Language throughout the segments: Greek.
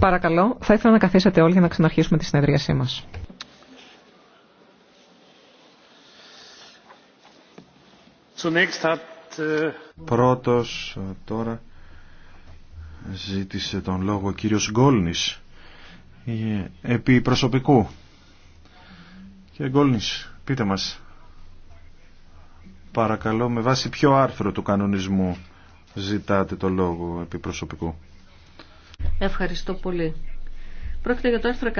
Παρακαλώ, θα ήθελα να καθίσετε όλοι για να ξαναρχίσουμε τη συνεδρίασή μας. Äh, Πρώτος ε, τώρα ζήτησε τον λόγο ο κύριος Γκόλνης ε, επί προσωπικού. Κύριε Γκόλνης, πείτε μας παρακαλώ με βάση ποιο άρθρο του κανονισμού ζητάτε το λόγο επί προσωπικού. Ευχαριστώ πολύ. Πρόκειται για το άρθρο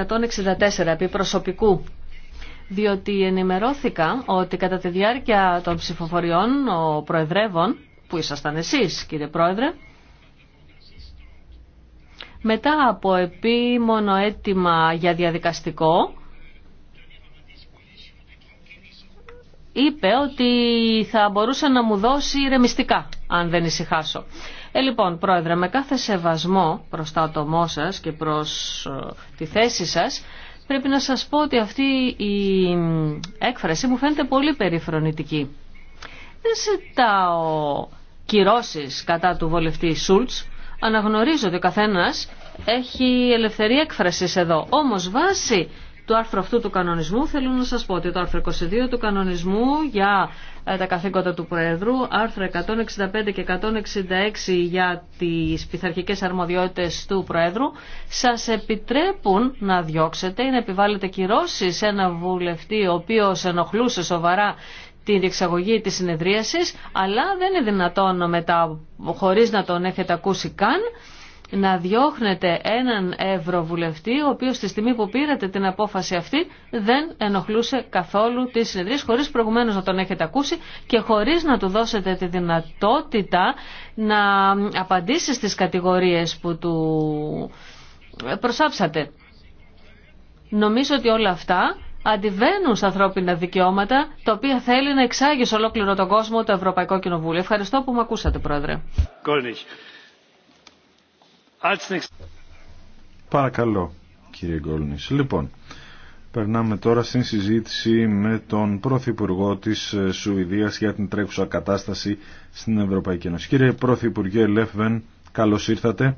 164 επί προσωπικού διότι ενημερώθηκα ότι κατά τη διάρκεια των ψηφοφοριών ο Προεδρεύων, που ήσασταν εσείς κύριε Πρόεδρε, μετά από επίμονο αίτημα για διαδικαστικό, είπε ότι θα μπορούσε να μου δώσει ρεμιστικά αν δεν ησυχάσω. Ε, λοιπόν, Πρόεδρε, με κάθε σεβασμό προς τα άτομό σας και προς ε, τη θέση σας, πρέπει να σας πω ότι αυτή η έκφραση μου φαίνεται πολύ περιφρονητική. Δεν ζητάω κυρώσεις κατά του βολευτή Σούλτς. Αναγνωρίζω ότι ο καθένας έχει ελευθερία έκφρασης εδώ. Όμως βάσει του άρθρου αυτού του κανονισμού θέλω να σας πω ότι το άρθρο 22 του κανονισμού για ε, τα καθήκοντα του Προεδρού, άρθρα 165 και 166 για τις πειθαρχικές αρμοδιότητες του Προεδρού, σας επιτρέπουν να διώξετε ή να επιβάλλετε κυρώσεις σε ένα βουλευτή ο οποίος ενοχλούσε σοβαρά την διεξαγωγή της συνεδρίασης, αλλά δεν είναι δυνατόν μετά, χωρίς να τον έχετε ακούσει καν, να διώχνετε έναν ευρωβουλευτή ο οποίος στη στιγμή που πήρατε την απόφαση αυτή δεν ενοχλούσε καθόλου τις συνεδρίες χωρίς προηγουμένως να τον έχετε ακούσει και χωρίς να του δώσετε τη δυνατότητα να απαντήσει στις κατηγορίες που του προσάψατε. Νομίζω ότι όλα αυτά αντιβαίνουν στα ανθρώπινα δικαιώματα τα οποία θέλει να εξάγει σε ολόκληρο τον κόσμο το Ευρωπαϊκό Κοινοβούλιο. Ευχαριστώ που με ακούσατε, Πρόεδρε. Παρακαλώ, κύριε Γκόλνης. Λοιπόν, περνάμε τώρα στην συζήτηση με τον Πρωθυπουργό της ε, Σουηδίας για την τρέχουσα κατάσταση στην Ευρωπαϊκή Ένωση. Κύριε Πρωθυπουργέ Λεφβεν, καλώς ήρθατε.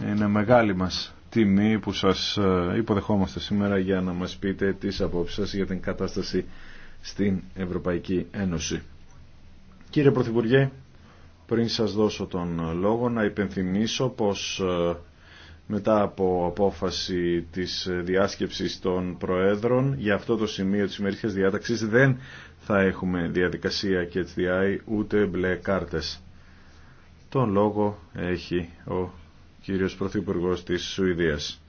Είναι μεγάλη μας τιμή που σας ε, υποδεχόμαστε σήμερα για να μας πείτε τις απόψεις σας για την κατάσταση στην Ευρωπαϊκή Ένωση. Κύριε Πρωθυπουργέ, πριν σας δώσω τον λόγο να υπενθυμίσω πως ε, μετά από απόφαση της διάσκεψης των Προέδρων για αυτό το σημείο της ημερήσιας διάταξης δεν θα έχουμε διαδικασία και HDI ούτε μπλε κάρτες. Τον λόγο έχει ο κύριος Πρωθυπουργός της Σουηδίας.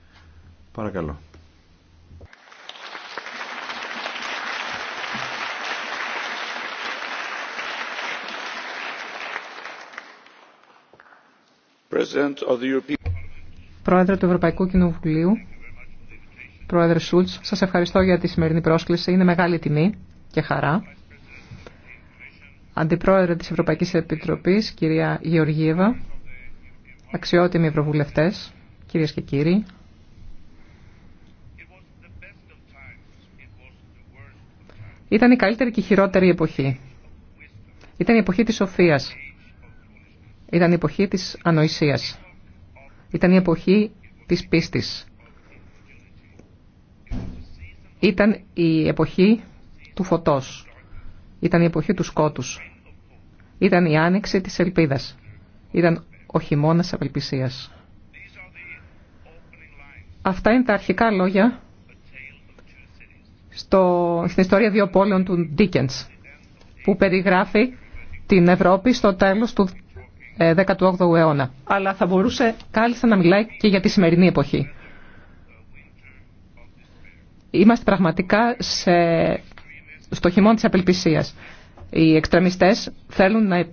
Παρακαλώ. Πρόεδρε του Ευρωπαϊκού Κοινοβουλίου, Πρόεδρε Σούλτ, σας ευχαριστώ για τη σημερινή πρόσκληση. Είναι μεγάλη τιμή και χαρά. Αντιπρόεδρε της Ευρωπαϊκή Επιτροπής, κυρία Γεωργίευα, αξιότιμοι ευρωβουλευτές, κυρίε και κύριοι, Ήταν η καλύτερη και η χειρότερη εποχή. Ήταν η εποχή της σοφίας, ήταν η εποχή της ανοησίας. Ήταν η εποχή της πίστης. Ήταν η εποχή του φωτός. Ήταν η εποχή του σκότους. Ήταν η άνοιξη της ελπίδας. Ήταν ο χειμώνας απελπισίας. Αυτά είναι τα αρχικά λόγια στο, στην ιστορία δύο πόλεων του Ντίκενς που περιγράφει την Ευρώπη στο τέλος του 18ου αιώνα. Αλλά θα μπορούσε κάλλιστα να μιλάει και για τη σημερινή εποχή. Είμαστε πραγματικά σε... στο χειμών της απελπισίας. Οι εξτρεμιστές θέλουν να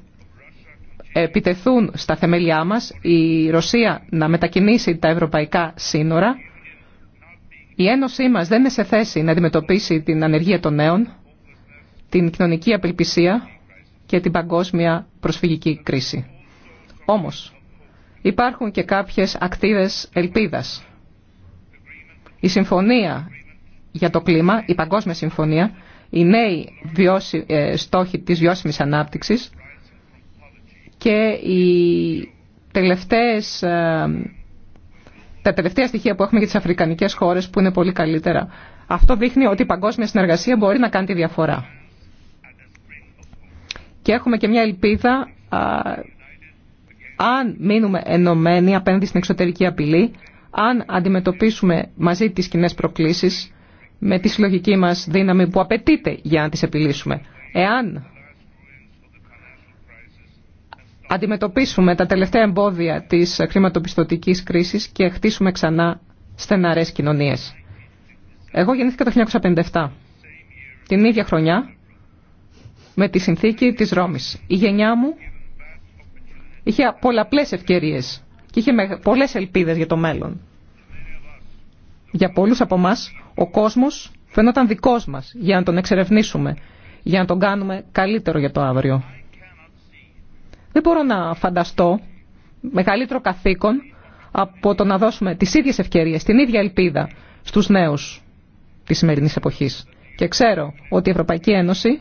επιτεθούν στα θεμέλιά μας, η Ρωσία να μετακινήσει τα ευρωπαϊκά σύνορα. Η Ένωσή μας δεν είναι σε θέση να αντιμετωπίσει την ανεργία των νέων, την κοινωνική απελπισία και την παγκόσμια προσφυγική κρίση. Όμως υπάρχουν και κάποιες ακτίδες ελπίδας. Η συμφωνία για το κλίμα, η παγκόσμια συμφωνία, οι νέοι βιώσι, ε, στόχοι της βιώσιμης ανάπτυξης και οι τελευταίες, ε, τα τελευταία στοιχεία που έχουμε για τις αφρικανικές χώρες που είναι πολύ καλύτερα. Αυτό δείχνει ότι η παγκόσμια συνεργασία μπορεί να κάνει τη διαφορά. Και έχουμε και μια ελπίδα αν μείνουμε ενωμένοι απέναντι στην εξωτερική απειλή, αν αντιμετωπίσουμε μαζί τις κοινέ προκλήσεις με τη συλλογική μας δύναμη που απαιτείται για να τις επιλύσουμε. Εάν αντιμετωπίσουμε τα τελευταία εμπόδια της χρηματοπιστωτικής κρίσης και χτίσουμε ξανά στεναρές κοινωνίες. Εγώ γεννήθηκα το 1957, την ίδια χρονιά με τη συνθήκη της Ρώμης. Η γενιά μου Είχε πολλαπλές ευκαιρίες και είχε πολλές ελπίδες για το μέλλον. Για πολλούς από εμά, ο κόσμος φαινόταν δικός μας για να τον εξερευνήσουμε, για να τον κάνουμε καλύτερο για το αύριο. Δεν μπορώ να φανταστώ μεγαλύτερο καθήκον από το να δώσουμε τις ίδιες ευκαιρίες, την ίδια ελπίδα στους νέους της σημερινής εποχής. Και ξέρω ότι η Ευρωπαϊκή Ένωση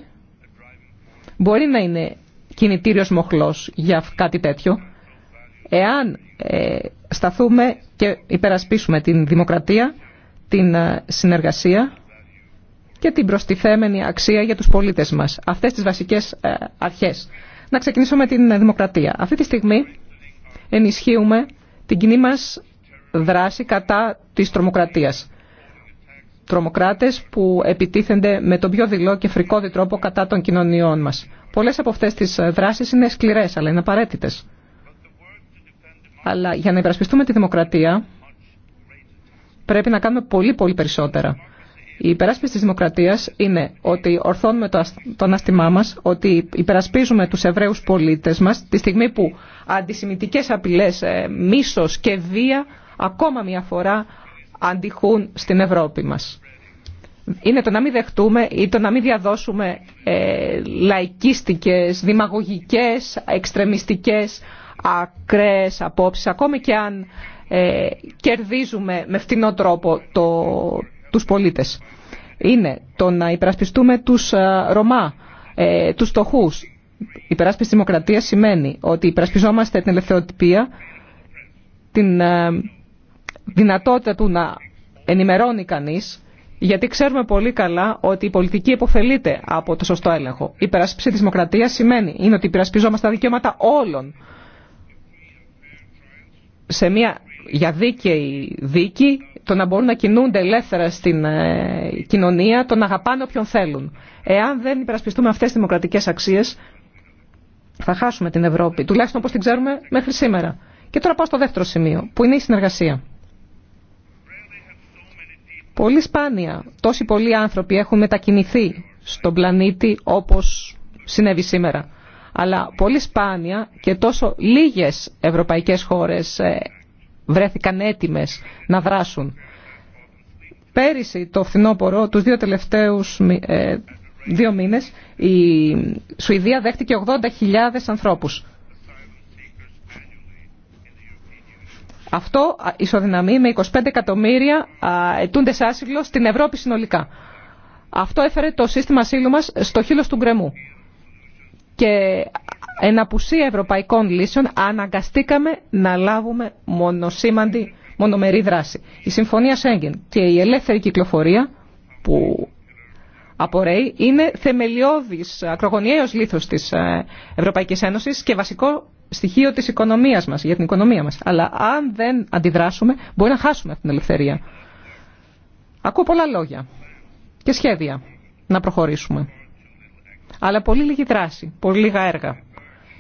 μπορεί να είναι κινητήριος μοχλός για κάτι τέτοιο. Εάν ε, σταθούμε και υπερασπίσουμε την δημοκρατία, την ε, συνεργασία και την προστιθέμενη αξία για τους πολίτες μας. Αυτές τις βασικές ε, αρχές. Να ξεκινήσω με την δημοκρατία. Αυτή τη στιγμή ενισχύουμε την κοινή μας δράση κατά της τρομοκρατίας τρομοκράτες που επιτίθενται με τον πιο δειλό και φρικόδη τρόπο κατά των κοινωνιών μας. Πολλές από αυτές τις ε, δράσεις είναι σκληρές, αλλά είναι απαραίτητε. Αλλά για να υπερασπιστούμε τη δημοκρατία πρέπει να κάνουμε πολύ πολύ περισσότερα. Η υπεράσπιση της δημοκρατίας είναι ότι ορθώνουμε το, το ανάστημά μας, ότι υπερασπίζουμε τους Εβραίους πολίτες μας, τη στιγμή που αντισημιτικές απειλές, ε, μίσος και βία ακόμα μια φορά αντιχούν στην Ευρώπη μας. Είναι το να μην δεχτούμε ή το να μην διαδώσουμε ε, λαϊκίστικες, δημαγωγικές, εξτρεμιστικές, ακραίες απόψεις, ακόμη και αν ε, κερδίζουμε με φτηνό τρόπο το, τους πολίτες. Είναι το να υπερασπιστούμε τους ε, Ρωμά, ε, τους στοχούς. Η υπεράσπιση δημοκρατία σημαίνει ότι υπερασπιζόμαστε την ελευθεροτυπία, την δυνατότητα του να ενημερώνει κανείς, γιατί ξέρουμε πολύ καλά ότι η πολιτική υποφελείται από το σωστό έλεγχο. Η υπερασπίση της δημοκρατίας σημαίνει είναι ότι υπερασπιζόμαστε τα δικαιώματα όλων σε μια για δίκαιη δίκη, το να μπορούν να κινούνται ελεύθερα στην ε, κοινωνία, το να αγαπάνε όποιον θέλουν. Εάν δεν υπερασπιστούμε αυτές τις δημοκρατικές αξίες, θα χάσουμε την Ευρώπη, τουλάχιστον όπως την ξέρουμε μέχρι σήμερα. Και τώρα πάω στο δεύτερο σημείο, που είναι η συνεργασία. Πολύ σπάνια τόσοι πολλοί άνθρωποι έχουν μετακινηθεί στον πλανήτη όπως συνέβη σήμερα. Αλλά πολύ σπάνια και τόσο λίγες ευρωπαϊκές χώρες ε, βρέθηκαν έτοιμες να δράσουν. Πέρυσι το φθινόπωρο, τους δύο τελευταίους ε, δύο μήνες, η Σουηδία δέχτηκε 80.000 ανθρώπους. Αυτό ισοδυναμεί με 25 εκατομμύρια ετούντε άσυλο στην Ευρώπη συνολικά. Αυτό έφερε το σύστημα ασύλου μας στο χείλος του γκρεμού. Και εν απουσία ευρωπαϊκών λύσεων αναγκαστήκαμε να λάβουμε μονοσήμαντη μονομερή δράση. Η Συμφωνία Σέγγεν και η ελεύθερη κυκλοφορία που απορρέει είναι θεμελιώδης ακρογωνιαίος λήθος της ε, Ευρωπαϊκής Ένωσης και βασικό στοιχείο της οικονομίας μας, για την οικονομία μας. Αλλά αν δεν αντιδράσουμε, μπορεί να χάσουμε αυτή την ελευθερία. Ακούω πολλά λόγια και σχέδια να προχωρήσουμε. Αλλά πολύ λίγη δράση, πολύ λίγα έργα.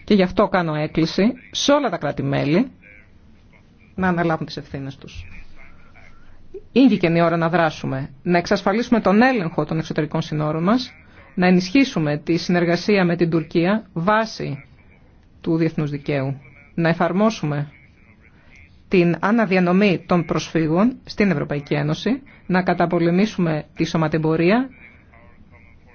Και γι' αυτό κάνω έκκληση σε όλα τα κράτη-μέλη να αναλάβουν τις ευθύνες τους. Είναι και η ώρα να δράσουμε, να εξασφαλίσουμε τον έλεγχο των εξωτερικών συνόρων μας, να ενισχύσουμε τη συνεργασία με την Τουρκία βάσει του διεθνούς δικαίου. Να εφαρμόσουμε την αναδιανομή των προσφύγων στην Ευρωπαϊκή Ένωση, να καταπολεμήσουμε τη σωματεμπορία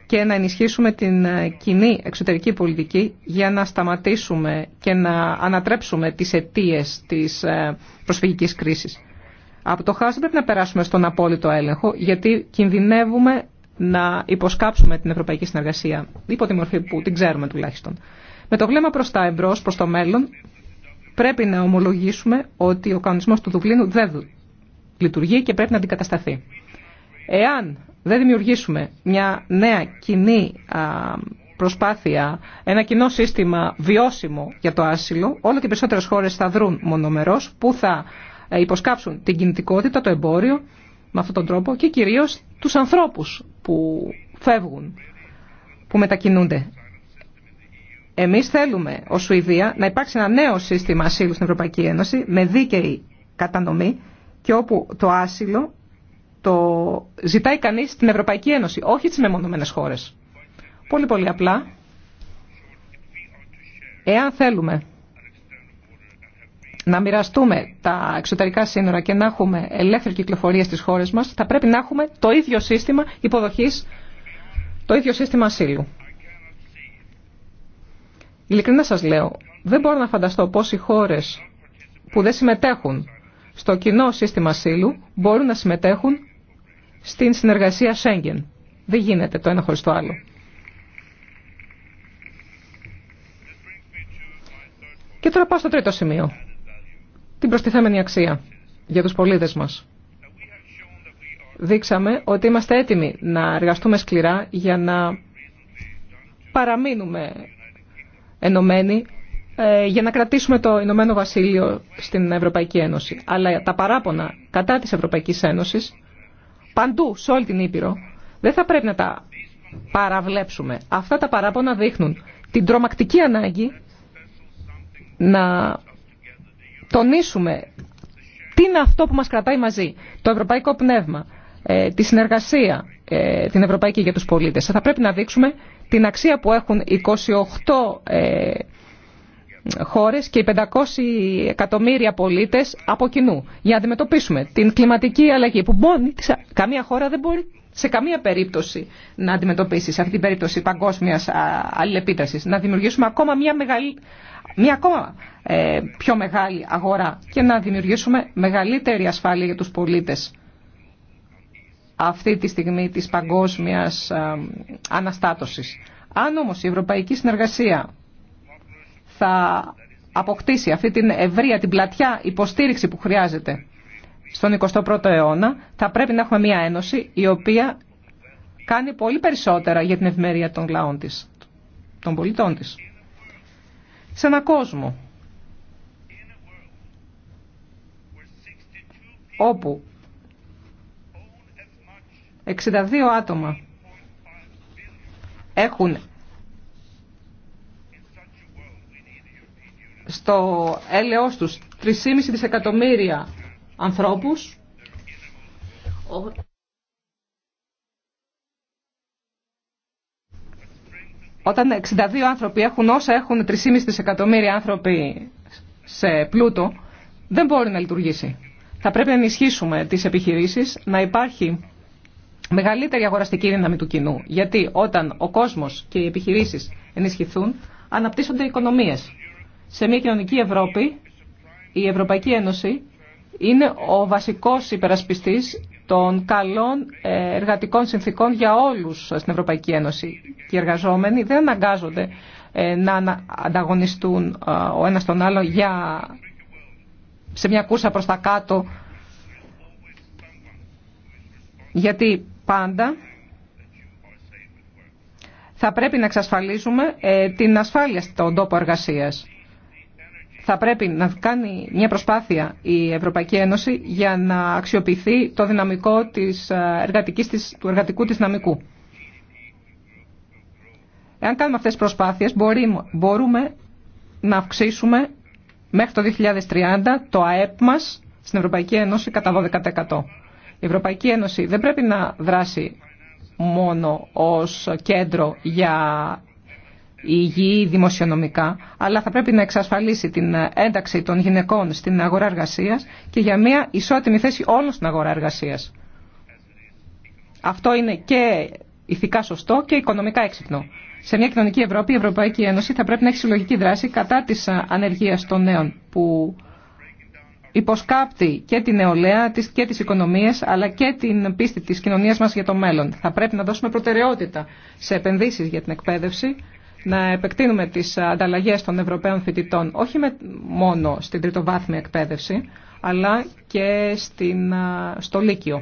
και να ενισχύσουμε την ε, κοινή εξωτερική πολιτική για να σταματήσουμε και να ανατρέψουμε τις αιτίε της ε, προσφυγικής κρίσης. Από το χάος πρέπει να περάσουμε στον απόλυτο έλεγχο, γιατί κινδυνεύουμε να υποσκάψουμε την ευρωπαϊκή συνεργασία, υπό τη μορφή που την ξέρουμε τουλάχιστον. Με το βλέμμα προς τα εμπρός, προς το μέλλον, πρέπει να ομολογήσουμε ότι ο κανονισμός του Δουβλίνου δεν λειτουργεί και πρέπει να αντικατασταθεί. Εάν δεν δημιουργήσουμε μια νέα κοινή προσπάθεια, ένα κοινό σύστημα βιώσιμο για το άσυλο, όλο και περισσότερε χώρες θα δρουν μονομερό που θα ε, υποσκάψουν την κινητικότητα, το εμπόριο με αυτόν τον τρόπο και κυρίως τους ανθρώπους που φεύγουν, που μετακινούνται. Εμείς θέλουμε ω Σουηδία να υπάρξει ένα νέο σύστημα ασύλου στην Ευρωπαϊκή Ένωση με δίκαιη κατανομή και όπου το άσυλο το ζητάει κανεί στην Ευρωπαϊκή Ένωση, όχι τι μεμονωμένες χώρες. Πολύ πολύ απλά, εάν θέλουμε να μοιραστούμε τα εξωτερικά σύνορα και να έχουμε ελεύθερη κυκλοφορία στις χώρες μας, θα πρέπει να έχουμε το ίδιο σύστημα υποδοχής, το ίδιο σύστημα ασύλου. Ειλικρινά σας λέω, δεν μπορώ να φανταστώ πώς οι χώρες που δεν συμμετέχουν στο κοινό σύστημα ασύλου μπορούν να συμμετέχουν στην συνεργασία Σέγγεν. Δεν γίνεται το ένα χωρίς το άλλο. Και τώρα πάω στο τρίτο σημείο. Την προστιθέμενη αξία για τους πολίτες μας. Δείξαμε ότι είμαστε έτοιμοι να εργαστούμε σκληρά για να παραμείνουμε ενωμένοι ε, για να κρατήσουμε το Ηνωμένο Βασίλειο στην Ευρωπαϊκή Ένωση. Αλλά τα παράπονα κατά της Ευρωπαϊκής Ένωσης, παντού, σε όλη την Ήπειρο, δεν θα πρέπει να τα παραβλέψουμε. Αυτά τα παράπονα δείχνουν την τρομακτική ανάγκη να τονίσουμε τι είναι αυτό που μας κρατάει μαζί. Το ευρωπαϊκό πνεύμα, ε, τη συνεργασία, ε, την ευρωπαϊκή για τους πολίτες. Θα πρέπει να δείξουμε την αξία που έχουν 28 ε, χώρες και οι 500 εκατομμύρια πολίτες από κοινού για να αντιμετωπίσουμε την κλιματική αλλαγή που σε καμία χώρα δεν μπορεί σε καμία περίπτωση να αντιμετωπίσει σε αυτή την περίπτωση παγκόσμιας αλληλεπίδρασης, να δημιουργήσουμε ακόμα μια, μεγαλή, μια ακόμα ε, πιο μεγάλη αγορά και να δημιουργήσουμε μεγαλύτερη ασφάλεια για τους πολίτες αυτή τη στιγμή της παγκόσμιας ε, αναστάτωσης. Αν όμως η ευρωπαϊκή συνεργασία θα αποκτήσει αυτή την ευρεία, την πλατιά υποστήριξη που χρειάζεται στον 21ο αιώνα, θα πρέπει να έχουμε μια ένωση η οποία κάνει πολύ περισσότερα για την ευημερία των λαών της, των πολιτών της. Σε έναν κόσμο όπου 62 άτομα έχουν στο έλεος τους 3,5 δισεκατομμύρια ανθρώπους όταν 62 άνθρωποι έχουν όσα έχουν 3,5 δισεκατομμύρια άνθρωποι σε πλούτο, δεν μπορεί να λειτουργήσει. Θα πρέπει να ενισχύσουμε τις επιχειρήσεις, να υπάρχει μεγαλύτερη αγοραστική δύναμη του κοινού. Γιατί όταν ο κόσμος και οι επιχειρήσεις ενισχυθούν, αναπτύσσονται οι οικονομίες. Σε μια κοινωνική Ευρώπη, η Ευρωπαϊκή Ένωση είναι ο βασικός υπερασπιστής των καλών ε, εργατικών συνθήκων για όλους στην Ευρωπαϊκή Ένωση. Και οι εργαζόμενοι δεν αναγκάζονται ε, να ανταγωνιστούν ε, ο ένας τον άλλο για... σε μια κούρσα προς τα κάτω γιατί πάντα θα πρέπει να εξασφαλίσουμε ε, την ασφάλεια στον τόπο εργασίας. Θα πρέπει να κάνει μια προσπάθεια η Ευρωπαϊκή Ένωση για να αξιοποιηθεί το δυναμικό της ε, εργατικής, του εργατικού της δυναμικού. Εάν κάνουμε αυτές τις προσπάθειες μπορούμε να αυξήσουμε μέχρι το 2030 το ΑΕΠ μας στην Ευρωπαϊκή Ένωση κατά 12%. Η Ευρωπαϊκή Ένωση δεν πρέπει να δράσει μόνο ως κέντρο για υγιή δημοσιονομικά, αλλά θα πρέπει να εξασφαλίσει την ένταξη των γυναικών στην αγορά εργασίας και για μια ισότιμη θέση όλων στην αγορά εργασίας. Αυτό είναι και ηθικά σωστό και οικονομικά έξυπνο. Σε μια κοινωνική Ευρώπη, η Ευρωπαϊκή Ένωση θα πρέπει να έχει συλλογική δράση κατά της ανεργίας των νέων που υποσκάπτει και την νεολαία της και τις οικονομίες αλλά και την πίστη της κοινωνίας μας για το μέλλον. Θα πρέπει να δώσουμε προτεραιότητα σε επενδύσεις για την εκπαίδευση, να επεκτείνουμε τις ανταλλαγές των Ευρωπαίων φοιτητών όχι με, μόνο στην τριτοβάθμια εκπαίδευση αλλά και στην, στο Λύκειο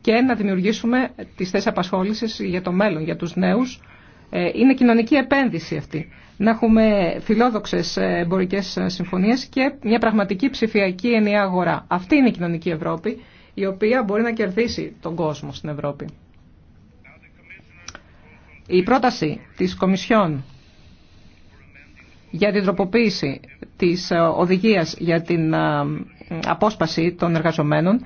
και να δημιουργήσουμε τις θέσεις απασχόλησης για το μέλλον, για τους νέους. Ε, είναι κοινωνική επένδυση αυτή να έχουμε φιλόδοξες εμπορικές συμφωνίες και μια πραγματική ψηφιακή ενιαία αγορά. Αυτή είναι η κοινωνική Ευρώπη, η οποία μπορεί να κερδίσει τον κόσμο στην Ευρώπη. Η πρόταση της Κομισιόν για την τροποποίηση της οδηγίας για την ε, απόσπαση των εργαζομένων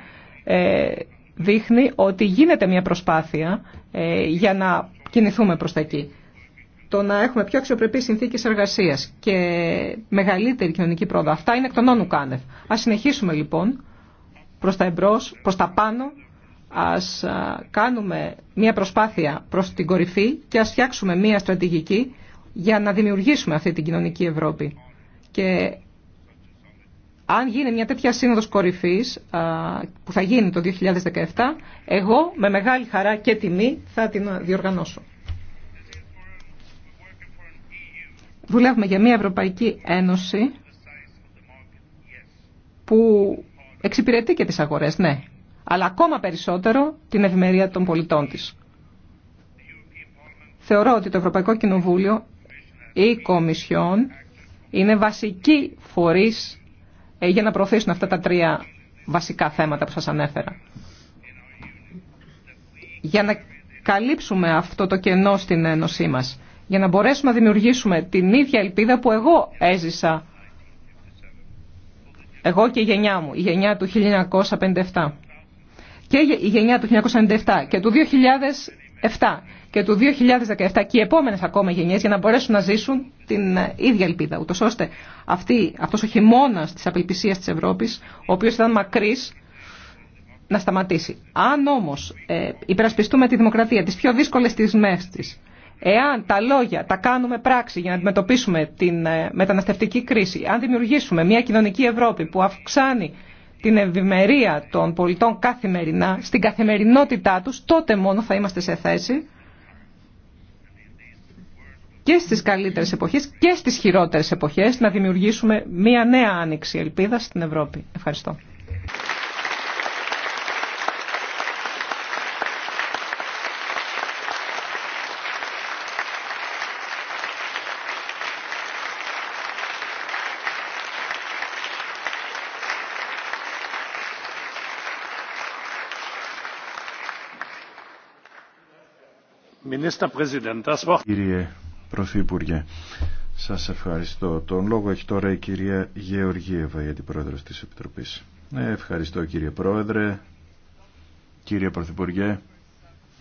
ε, δείχνει ότι γίνεται μια προσπάθεια ε, για να κινηθούμε προς τα εκεί το να έχουμε πιο αξιοπρεπεί συνθήκε εργασία και μεγαλύτερη κοινωνική πρόοδο. Αυτά είναι εκ των όνου κάνευ. Α συνεχίσουμε λοιπόν προ τα εμπρό, προ τα πάνω. Α κάνουμε μια προσπάθεια προ την κορυφή και α φτιάξουμε μια στρατηγική για να δημιουργήσουμε αυτή την κοινωνική Ευρώπη. Και αν γίνει μια τέτοια σύνοδο κορυφή που θα γίνει το 2017, εγώ με μεγάλη χαρά και τιμή θα την διοργανώσω. Βουλεύουμε για μια Ευρωπαϊκή Ένωση που εξυπηρετεί και τις αγορές, ναι, αλλά ακόμα περισσότερο την ευημερία των πολιτών της. Θεωρώ ότι το Ευρωπαϊκό Κοινοβούλιο ή η Κομισιόν είναι βασικοί φορείς ε, για να προωθήσουν αυτά τα τρία βασικά θέματα που σας ανέφερα. Για να καλύψουμε αυτό το κενό στην Ένωσή μας για να μπορέσουμε να δημιουργήσουμε την ίδια ελπίδα που εγώ έζησα, εγώ και η γενιά μου, η γενιά του 1957 και η γενιά του 1997 και του 2007 και του 2017 και οι επόμενες ακόμα γενιές για να μπορέσουν να ζήσουν την ε, ίδια ελπίδα. Ούτως ώστε αυτή, αυτός ο χειμώνας της απελπισίας της Ευρώπης, ο οποίος ήταν μακρύς, να σταματήσει. Αν όμως ε, υπερασπιστούμε τη δημοκρατία, τις πιο δύσκολες στιγμές της, Εάν τα λόγια τα κάνουμε πράξη για να αντιμετωπίσουμε την ε, μεταναστευτική κρίση, αν δημιουργήσουμε μια κοινωνική Ευρώπη που αυξάνει την ευημερία των πολιτών καθημερινά, στην καθημερινότητά τους, τότε μόνο θα είμαστε σε θέση και στις καλύτερες εποχές και στις χειρότερες εποχές να δημιουργήσουμε μια νέα άνοιξη ελπίδα στην Ευρώπη. Ευχαριστώ. Κύριε Πρωθυπουργέ, σας ευχαριστώ. Τον λόγο έχει τώρα η κυρία Γεωργίευα, την πρόεδρος της Επιτροπής. Ναι, ευχαριστώ κύριε Πρόεδρε, κύριε Πρωθυπουργέ,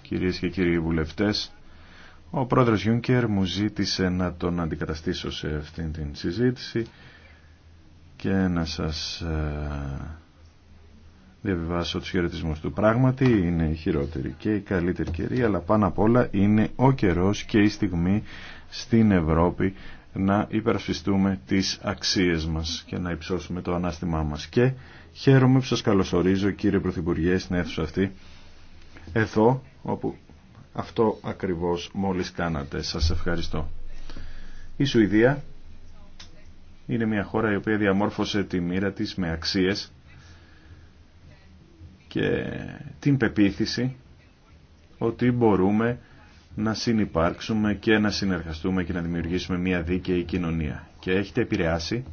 κυρίες και κύριοι βουλευτές. Ο πρόεδρος Γιούνκερ μου ζήτησε να τον αντικαταστήσω σε αυτήν την συζήτηση και να σας ε, διαβιβάσω τους χαιρετισμούς του. Πράγματι είναι η χειρότερη και η καλύτερη καιρή, αλλά πάνω απ' όλα είναι ο καιρός και η στιγμή στην Ευρώπη να υπερασπιστούμε τις αξίες μας και να υψώσουμε το ανάστημά μας. Και χαίρομαι που σας καλωσορίζω κύριε Πρωθυπουργέ στην αίθουσα αυτή, εδώ όπου αυτό ακριβώς μόλις κάνατε. Σας ευχαριστώ. Η Σουηδία είναι μια χώρα η οποία διαμόρφωσε τη μοίρα της με αξίες και την πεποίθηση ότι μπορούμε να συνυπάρξουμε και να συνεργαστούμε και να δημιουργήσουμε μια δίκαιη κοινωνία. Και έχετε επηρεάσει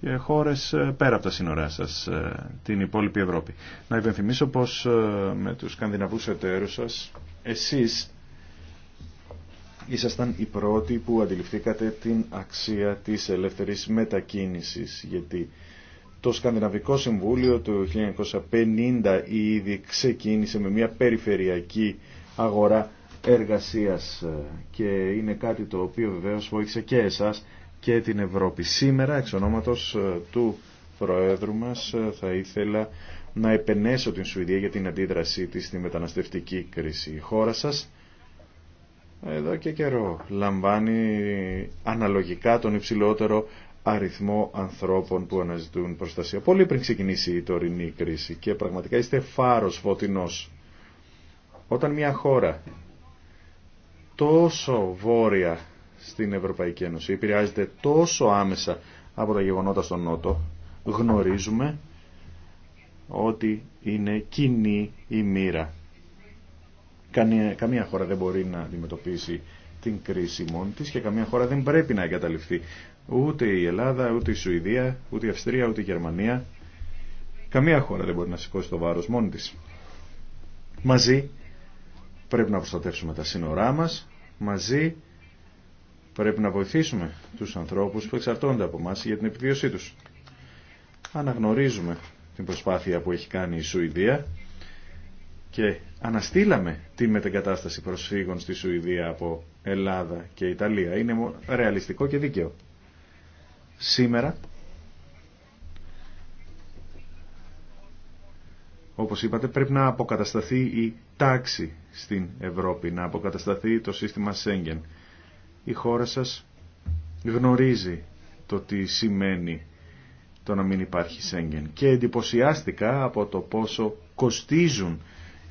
και χώρες ε, πέρα από τα σύνορά σας, ε, την υπόλοιπη Ευρώπη. Να υπενθυμίσω πως ε, με τους σκανδιναβούς εταίρους σας, εσείς ήσασταν οι πρώτοι που αντιληφθήκατε την αξία της ελεύθερης μετακίνησης, γιατί το Σκανδιναβικό Συμβούλιο του 1950 ήδη ξεκίνησε με μια περιφερειακή αγορά εργασίας ε, και είναι κάτι το οποίο βεβαίως βοήθησε και εσάς και την Ευρώπη. Σήμερα, εξ ονόματος ε, του Προέδρου μας, ε, θα ήθελα να επενέσω την Σουηδία για την αντίδρασή της στη μεταναστευτική κρίση. Η χώρα σας εδώ και καιρό λαμβάνει αναλογικά τον υψηλότερο αριθμό ανθρώπων που αναζητούν προστασία. Πολύ πριν ξεκινήσει η τωρινή κρίση και πραγματικά είστε φάρος φωτεινός. Όταν μια χώρα τόσο βόρεια στην Ευρωπαϊκή Ένωση επηρεάζεται τόσο άμεσα από τα γεγονότα στον Νότο, γνωρίζουμε ότι είναι κοινή η μοίρα. Καμία χώρα δεν μπορεί να αντιμετωπίσει την κρίση μόνη της και καμία χώρα δεν πρέπει να εγκαταλειφθεί Ούτε η Ελλάδα, ούτε η Σουηδία, ούτε η Αυστρία, ούτε η Γερμανία. Καμία χώρα δεν μπορεί να σηκώσει το βάρος μόνη της. Μαζί πρέπει να προστατεύσουμε τα σύνορά μας. Μαζί πρέπει να βοηθήσουμε τους ανθρώπους που εξαρτώνται από μας για την επιβίωσή τους. Αναγνωρίζουμε την προσπάθεια που έχει κάνει η Σουηδία και αναστήλαμε τη μετεγκατάσταση προσφύγων στη Σουηδία από Ελλάδα και Ιταλία. Είναι ρεαλιστικό και δίκαιο σήμερα όπως είπατε, πρέπει να αποκατασταθεί η τάξη στην Ευρώπη, να αποκατασταθεί το σύστημα Σέγγεν. Η χώρα σας γνωρίζει το τι σημαίνει το να μην υπάρχει Σέγγεν και εντυπωσιάστηκα από το πόσο κοστίζουν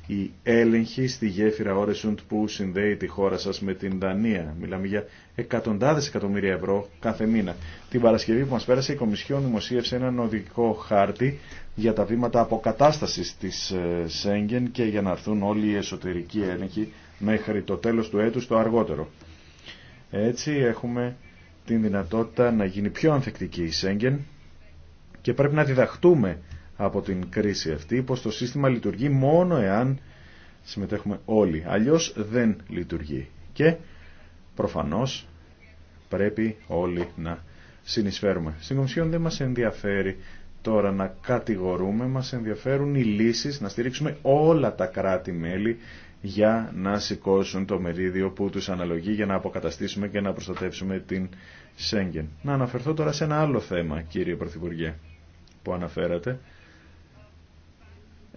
η έλεγχη στη γέφυρα Όρεσουντ που συνδέει τη χώρα σας με την Δανία. Μιλάμε για εκατοντάδες εκατομμύρια ευρώ κάθε μήνα. Την Παρασκευή που μας πέρασε η Κομισιόν δημοσίευσε έναν οδικό χάρτη για τα βήματα αποκατάστασης της ε, Σέγγεν και για να έρθουν όλοι οι εσωτερικοί έλεγχοι μέχρι το τέλος του έτους το αργότερο. Έτσι έχουμε την δυνατότητα να γίνει πιο ανθεκτική η Σέγγεν και πρέπει να διδαχτούμε από την κρίση αυτή, πως το σύστημα λειτουργεί μόνο εάν συμμετέχουμε όλοι. Αλλιώς δεν λειτουργεί. Και προφανώς πρέπει όλοι να συνεισφέρουμε. Στην Κομισιόν δεν μας ενδιαφέρει τώρα να κατηγορούμε, μας ενδιαφέρουν οι λύσεις, να στηρίξουμε όλα τα κράτη-μέλη για να σηκώσουν το μερίδιο που τους αναλογεί για να αποκαταστήσουμε και να προστατεύσουμε την Σέγγεν. Να αναφερθώ τώρα σε ένα άλλο θέμα, κύριε Πρωθυπουργέ, που αναφέρατε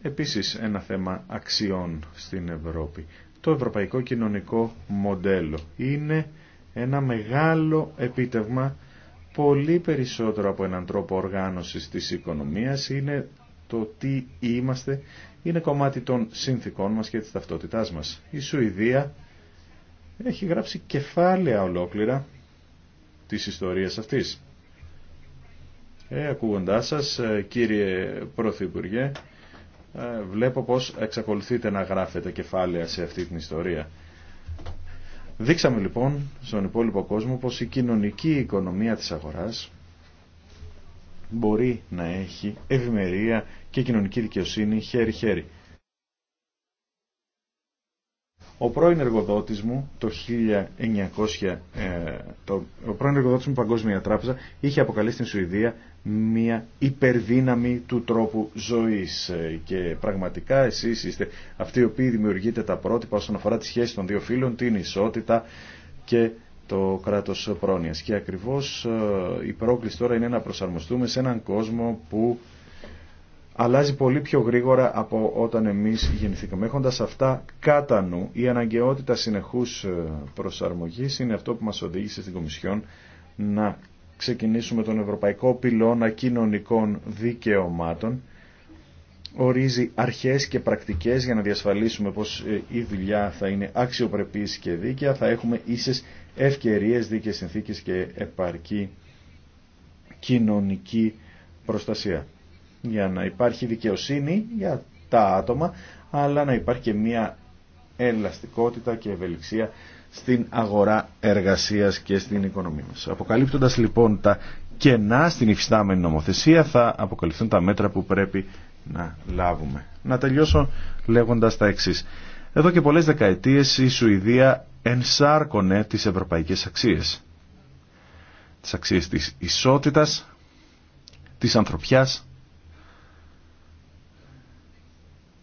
Επίσης ένα θέμα αξιών στην Ευρώπη. Το ευρωπαϊκό κοινωνικό μοντέλο είναι ένα μεγάλο επίτευγμα πολύ περισσότερο από έναν τρόπο οργάνωσης της οικονομίας είναι το τι είμαστε, είναι κομμάτι των συνθήκων μας και της ταυτότητάς μας. Η Σουηδία έχει γράψει κεφάλαια ολόκληρα της ιστορίας αυτής. Ε, ακούγοντάς σας, ε, κύριε Πρωθυπουργέ, ε, βλέπω πως εξακολουθείτε να γράφετε κεφάλαια σε αυτή την ιστορία. Δείξαμε λοιπόν στον υπόλοιπο κόσμο πως η κοινωνική οικονομία της αγοράς μπορεί να έχει ευημερία και κοινωνική δικαιοσύνη χέρι-χέρι. Ο πρώην εργοδότης μου το 1900, ε, το, ο πρώην εργοδότης μου Παγκόσμια Τράπεζα είχε αποκαλεί στην Σουηδία μια υπερδύναμη του τρόπου ζωής ε, και πραγματικά εσείς είστε αυτοί οι οποίοι δημιουργείτε τα πρότυπα όσον αφορά τη σχέση των δύο φίλων, την ισότητα και το κράτος πρόνοιας. Και ακριβώς ε, η πρόκληση τώρα είναι να προσαρμοστούμε σε έναν κόσμο που αλλάζει πολύ πιο γρήγορα από όταν εμείς γεννηθήκαμε. Έχοντας αυτά κατά νου, η αναγκαιότητα συνεχούς ε, προσαρμογής είναι αυτό που μας οδήγησε στην Κομισιόν να ξεκινήσουμε τον Ευρωπαϊκό Πυλώνα Κοινωνικών Δικαιωμάτων. Ορίζει αρχές και πρακτικές για να διασφαλίσουμε πως ε, η δουλειά θα είναι αξιοπρεπής και δίκαια, θα έχουμε ίσες ευκαιρίες, δίκαιες συνθήκες και επαρκή κοινωνική προστασία. Για να υπάρχει δικαιοσύνη για τα άτομα, αλλά να υπάρχει και μια ελαστικότητα και ευελιξία στην αγορά εργασίας και στην οικονομία μας. Αποκαλύπτοντας λοιπόν τα κενά στην υφιστάμενη νομοθεσία θα αποκαλυφθούν τα μέτρα που πρέπει να λάβουμε. Να τελειώσω λέγοντας τα εξή. Εδώ και πολλές δεκαετίες η Σουηδία ενσάρκωνε τις ευρωπαϊκές αξίες. Τις αξίες της ισότητας, της ανθρωπιάς,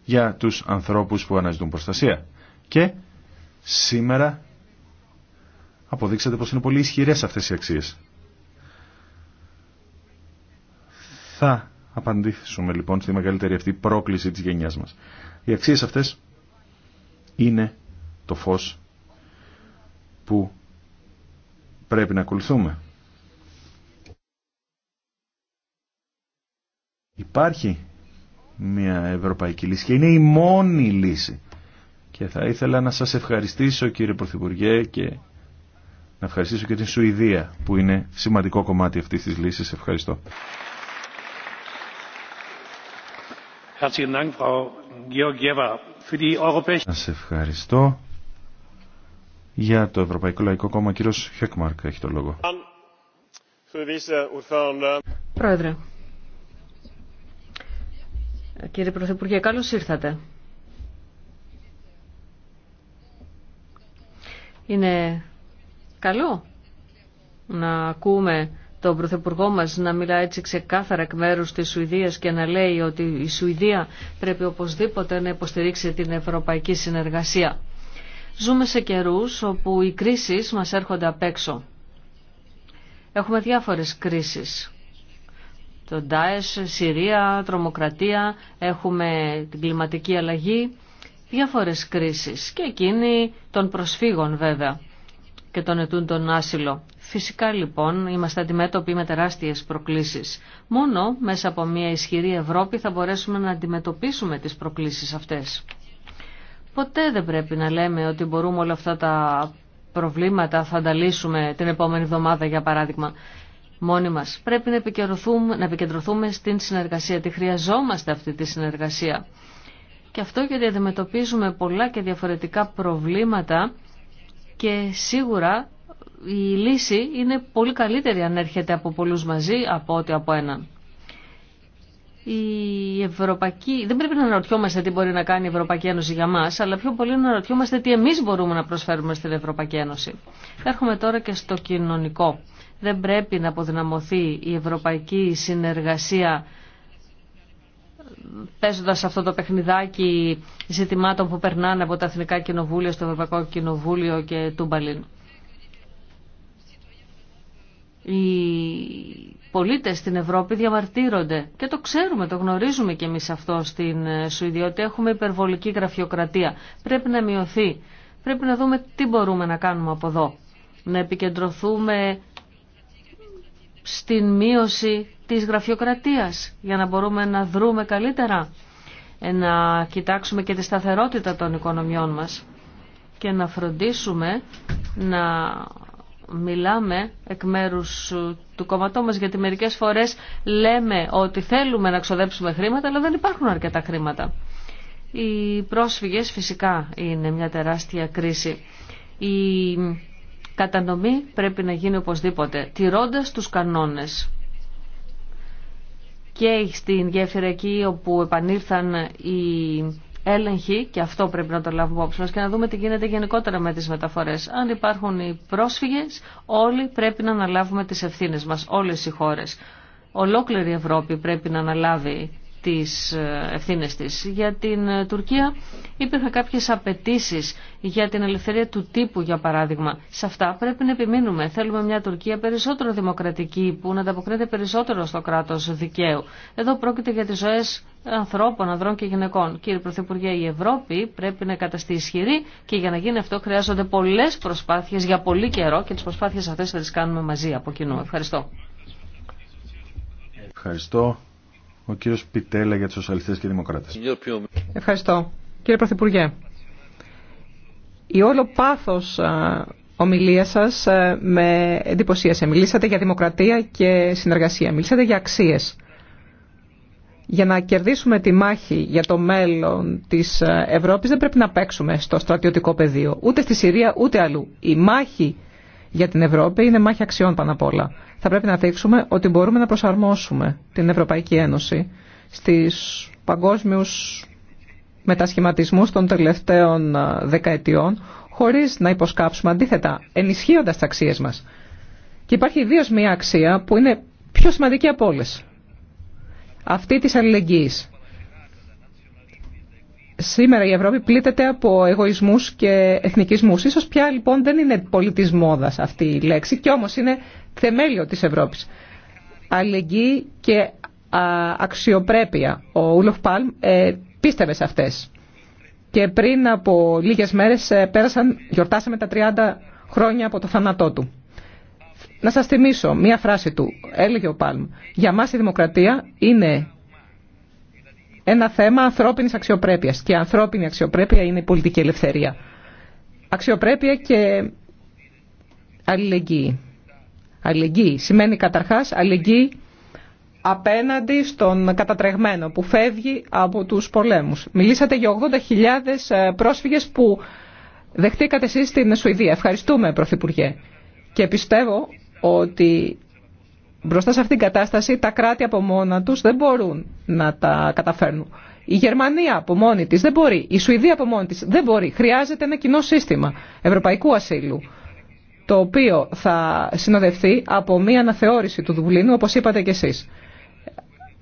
για τους ανθρώπους που αναζητούν προστασία. Και σήμερα αποδείξατε πως είναι πολύ ισχυρές αυτές οι αξίες. Θα απαντήσουμε λοιπόν στη μεγαλύτερη αυτή πρόκληση της γενιάς μας. Οι αξίες αυτές είναι το φως που πρέπει να ακολουθούμε. Υπάρχει μια ευρωπαϊκή λύση και είναι η μόνη λύση και θα ήθελα να σας ευχαριστήσω κύριε Πρωθυπουργέ και να ευχαριστήσω και την Σουηδία που είναι σημαντικό κομμάτι αυτής της λύσης. Ευχαριστώ. Σας ευχαριστώ. Για το Ευρωπαϊκό Λαϊκό Κόμμα, κύριο Χέκμαρκ έχει το λόγο. Πρόεδρε, κύριε Πρωθυπουργέ, καλώς ήρθατε. Είναι καλό να ακούμε τον Πρωθυπουργό μας να μιλά έτσι ξεκάθαρα εκ μέρους της Σουηδίας και να λέει ότι η Σουηδία πρέπει οπωσδήποτε να υποστηρίξει την ευρωπαϊκή συνεργασία. Ζούμε σε καιρούς όπου οι κρίσεις μας έρχονται απ' έξω. Έχουμε διάφορες κρίσεις. Το Ντάες, Συρία, τρομοκρατία, έχουμε την κλιματική αλλαγή διάφορες κρίσεις και εκείνη των προσφύγων βέβαια και των ετούν τον άσυλο. Φυσικά λοιπόν είμαστε αντιμέτωποι με τεράστιες προκλήσεις. Μόνο μέσα από μια ισχυρή Ευρώπη θα μπορέσουμε να αντιμετωπίσουμε τις προκλήσεις αυτές. Ποτέ δεν πρέπει να λέμε ότι μπορούμε όλα αυτά τα προβλήματα θα τα λύσουμε την επόμενη εβδομάδα για παράδειγμα μόνοι μας. Πρέπει να επικεντρωθούμε, να επικεντρωθούμε στην συνεργασία. Τη χρειαζόμαστε αυτή τη συνεργασία. Και αυτό γιατί αντιμετωπίζουμε πολλά και διαφορετικά προβλήματα και σίγουρα η λύση είναι πολύ καλύτερη αν έρχεται από πολλούς μαζί από ότι από έναν. Η Ευρωπαϊκή... Δεν πρέπει να αναρωτιόμαστε τι μπορεί να κάνει η Ευρωπαϊκή Ένωση για μας, αλλά πιο πολύ να αναρωτιόμαστε τι εμείς μπορούμε να προσφέρουμε στην Ευρωπαϊκή Ένωση. Έρχομαι τώρα και στο κοινωνικό. Δεν πρέπει να αποδυναμωθεί η ευρωπαϊκή συνεργασία παίζοντας αυτό το παιχνιδάκι ζητημάτων που περνάνε από τα Εθνικά Κοινοβούλια στο Ευρωπαϊκό Κοινοβούλιο και του Τούμπαλιν. Οι πολίτες στην Ευρώπη διαμαρτύρονται και το ξέρουμε, το γνωρίζουμε και εμείς αυτό στην Σουηδία ότι έχουμε υπερβολική γραφειοκρατία. Πρέπει να μειωθεί. Πρέπει να δούμε τι μπορούμε να κάνουμε από εδώ. Να επικεντρωθούμε στην μείωση της γραφειοκρατίας για να μπορούμε να δρούμε καλύτερα, ε, να κοιτάξουμε και τη σταθερότητα των οικονομιών μας και να φροντίσουμε να μιλάμε εκ μέρους του κομματό μας γιατί μερικές φορές λέμε ότι θέλουμε να ξοδέψουμε χρήματα αλλά δεν υπάρχουν αρκετά χρήματα. Οι πρόσφυγες φυσικά είναι μια τεράστια κρίση κατανομή πρέπει να γίνει οπωσδήποτε, τηρώντας τους κανόνες. Και στην γέφυρα εκεί όπου επανήλθαν οι έλεγχοι, και αυτό πρέπει να το λάβουμε υπόψη μας, και να δούμε τι γίνεται γενικότερα με τις μεταφορές. Αν υπάρχουν οι πρόσφυγες, όλοι πρέπει να αναλάβουμε τις ευθύνες μας, όλες οι χώρες. Ολόκληρη η Ευρώπη πρέπει να αναλάβει τις ε, ευθύνες της. Για την ε, Τουρκία υπήρχαν κάποιες απαιτήσει για την ελευθερία του τύπου, για παράδειγμα. Σε αυτά πρέπει να επιμείνουμε. Θέλουμε μια Τουρκία περισσότερο δημοκρατική, που να ανταποκρίνεται περισσότερο στο κράτος δικαίου. Εδώ πρόκειται για τις ζωές ανθρώπων, ανδρών και γυναικών. Κύριε Πρωθυπουργέ, η Ευρώπη πρέπει να καταστεί ισχυρή και για να γίνει αυτό χρειάζονται πολλές προσπάθειες για πολύ καιρό και τις προσπάθειες αυτές θα τις κάνουμε μαζί από κοινού. Ευχαριστώ. Ευχαριστώ. Ο κύριος Πιτέλα για τους Σοσιαλιστές και Δημοκράτες. Ευχαριστώ. Κύριε Πρωθυπουργέ, η όλο πάθος ομιλία σας με εντυπωσίασε. Μιλήσατε για δημοκρατία και συνεργασία. Μιλήσατε για αξίες. Για να κερδίσουμε τη μάχη για το μέλλον της Ευρώπης δεν πρέπει να παίξουμε στο στρατιωτικό πεδίο. Ούτε στη Συρία ούτε αλλού. Η μάχη για την Ευρώπη είναι μάχη αξιών πάνω απ' όλα. Θα πρέπει να δείξουμε ότι μπορούμε να προσαρμόσουμε την Ευρωπαϊκή Ένωση στις παγκόσμιους μετασχηματισμούς των τελευταίων δεκαετιών χωρίς να υποσκάψουμε αντίθετα ενισχύοντας τις αξίες μας. Και υπάρχει ιδίω μια αξία που είναι πιο σημαντική από όλες. Αυτή της αλληλεγγύης. Σήμερα η Ευρώπη πλήττεται από εγωισμούς και εθνικισμούς. Ίσως πια λοιπόν δεν είναι της αυτή η λέξη και όμως είναι θεμέλιο της Ευρώπης. Αλληλεγγύη και αξιοπρέπεια. Ο Ούλοφ Πάλμ ε, πίστευε σε αυτές. Και πριν από λίγες μέρες ε, πέρασαν, γιορτάσαμε τα 30 χρόνια από το θάνατό του. Να σας θυμίσω μία φράση του. Έλεγε ο Πάλμ. Για μας η δημοκρατία είναι ένα θέμα ανθρώπινης αξιοπρέπειας και ανθρώπινη αξιοπρέπεια είναι η πολιτική ελευθερία. Αξιοπρέπεια και αλληλεγγύη. Αλληλεγγύη σημαίνει καταρχάς αλληλεγγύη απέναντι στον κατατρεγμένο που φεύγει από τους πολέμους. Μιλήσατε για 80.000 ε, πρόσφυγες που δεχτήκατε εσείς στην Σουηδία. Ευχαριστούμε, Πρωθυπουργέ. Και πιστεύω ότι Μπροστά σε αυτήν την κατάσταση τα κράτη από μόνα τους δεν μπορούν να τα καταφέρνουν. Η Γερμανία από μόνη της δεν μπορεί, η Σουηδία από μόνη της δεν μπορεί. Χρειάζεται ένα κοινό σύστημα ευρωπαϊκού ασύλου το οποίο θα συνοδευτεί από μία αναθεώρηση του Δουβλίνου, όπως είπατε και εσείς.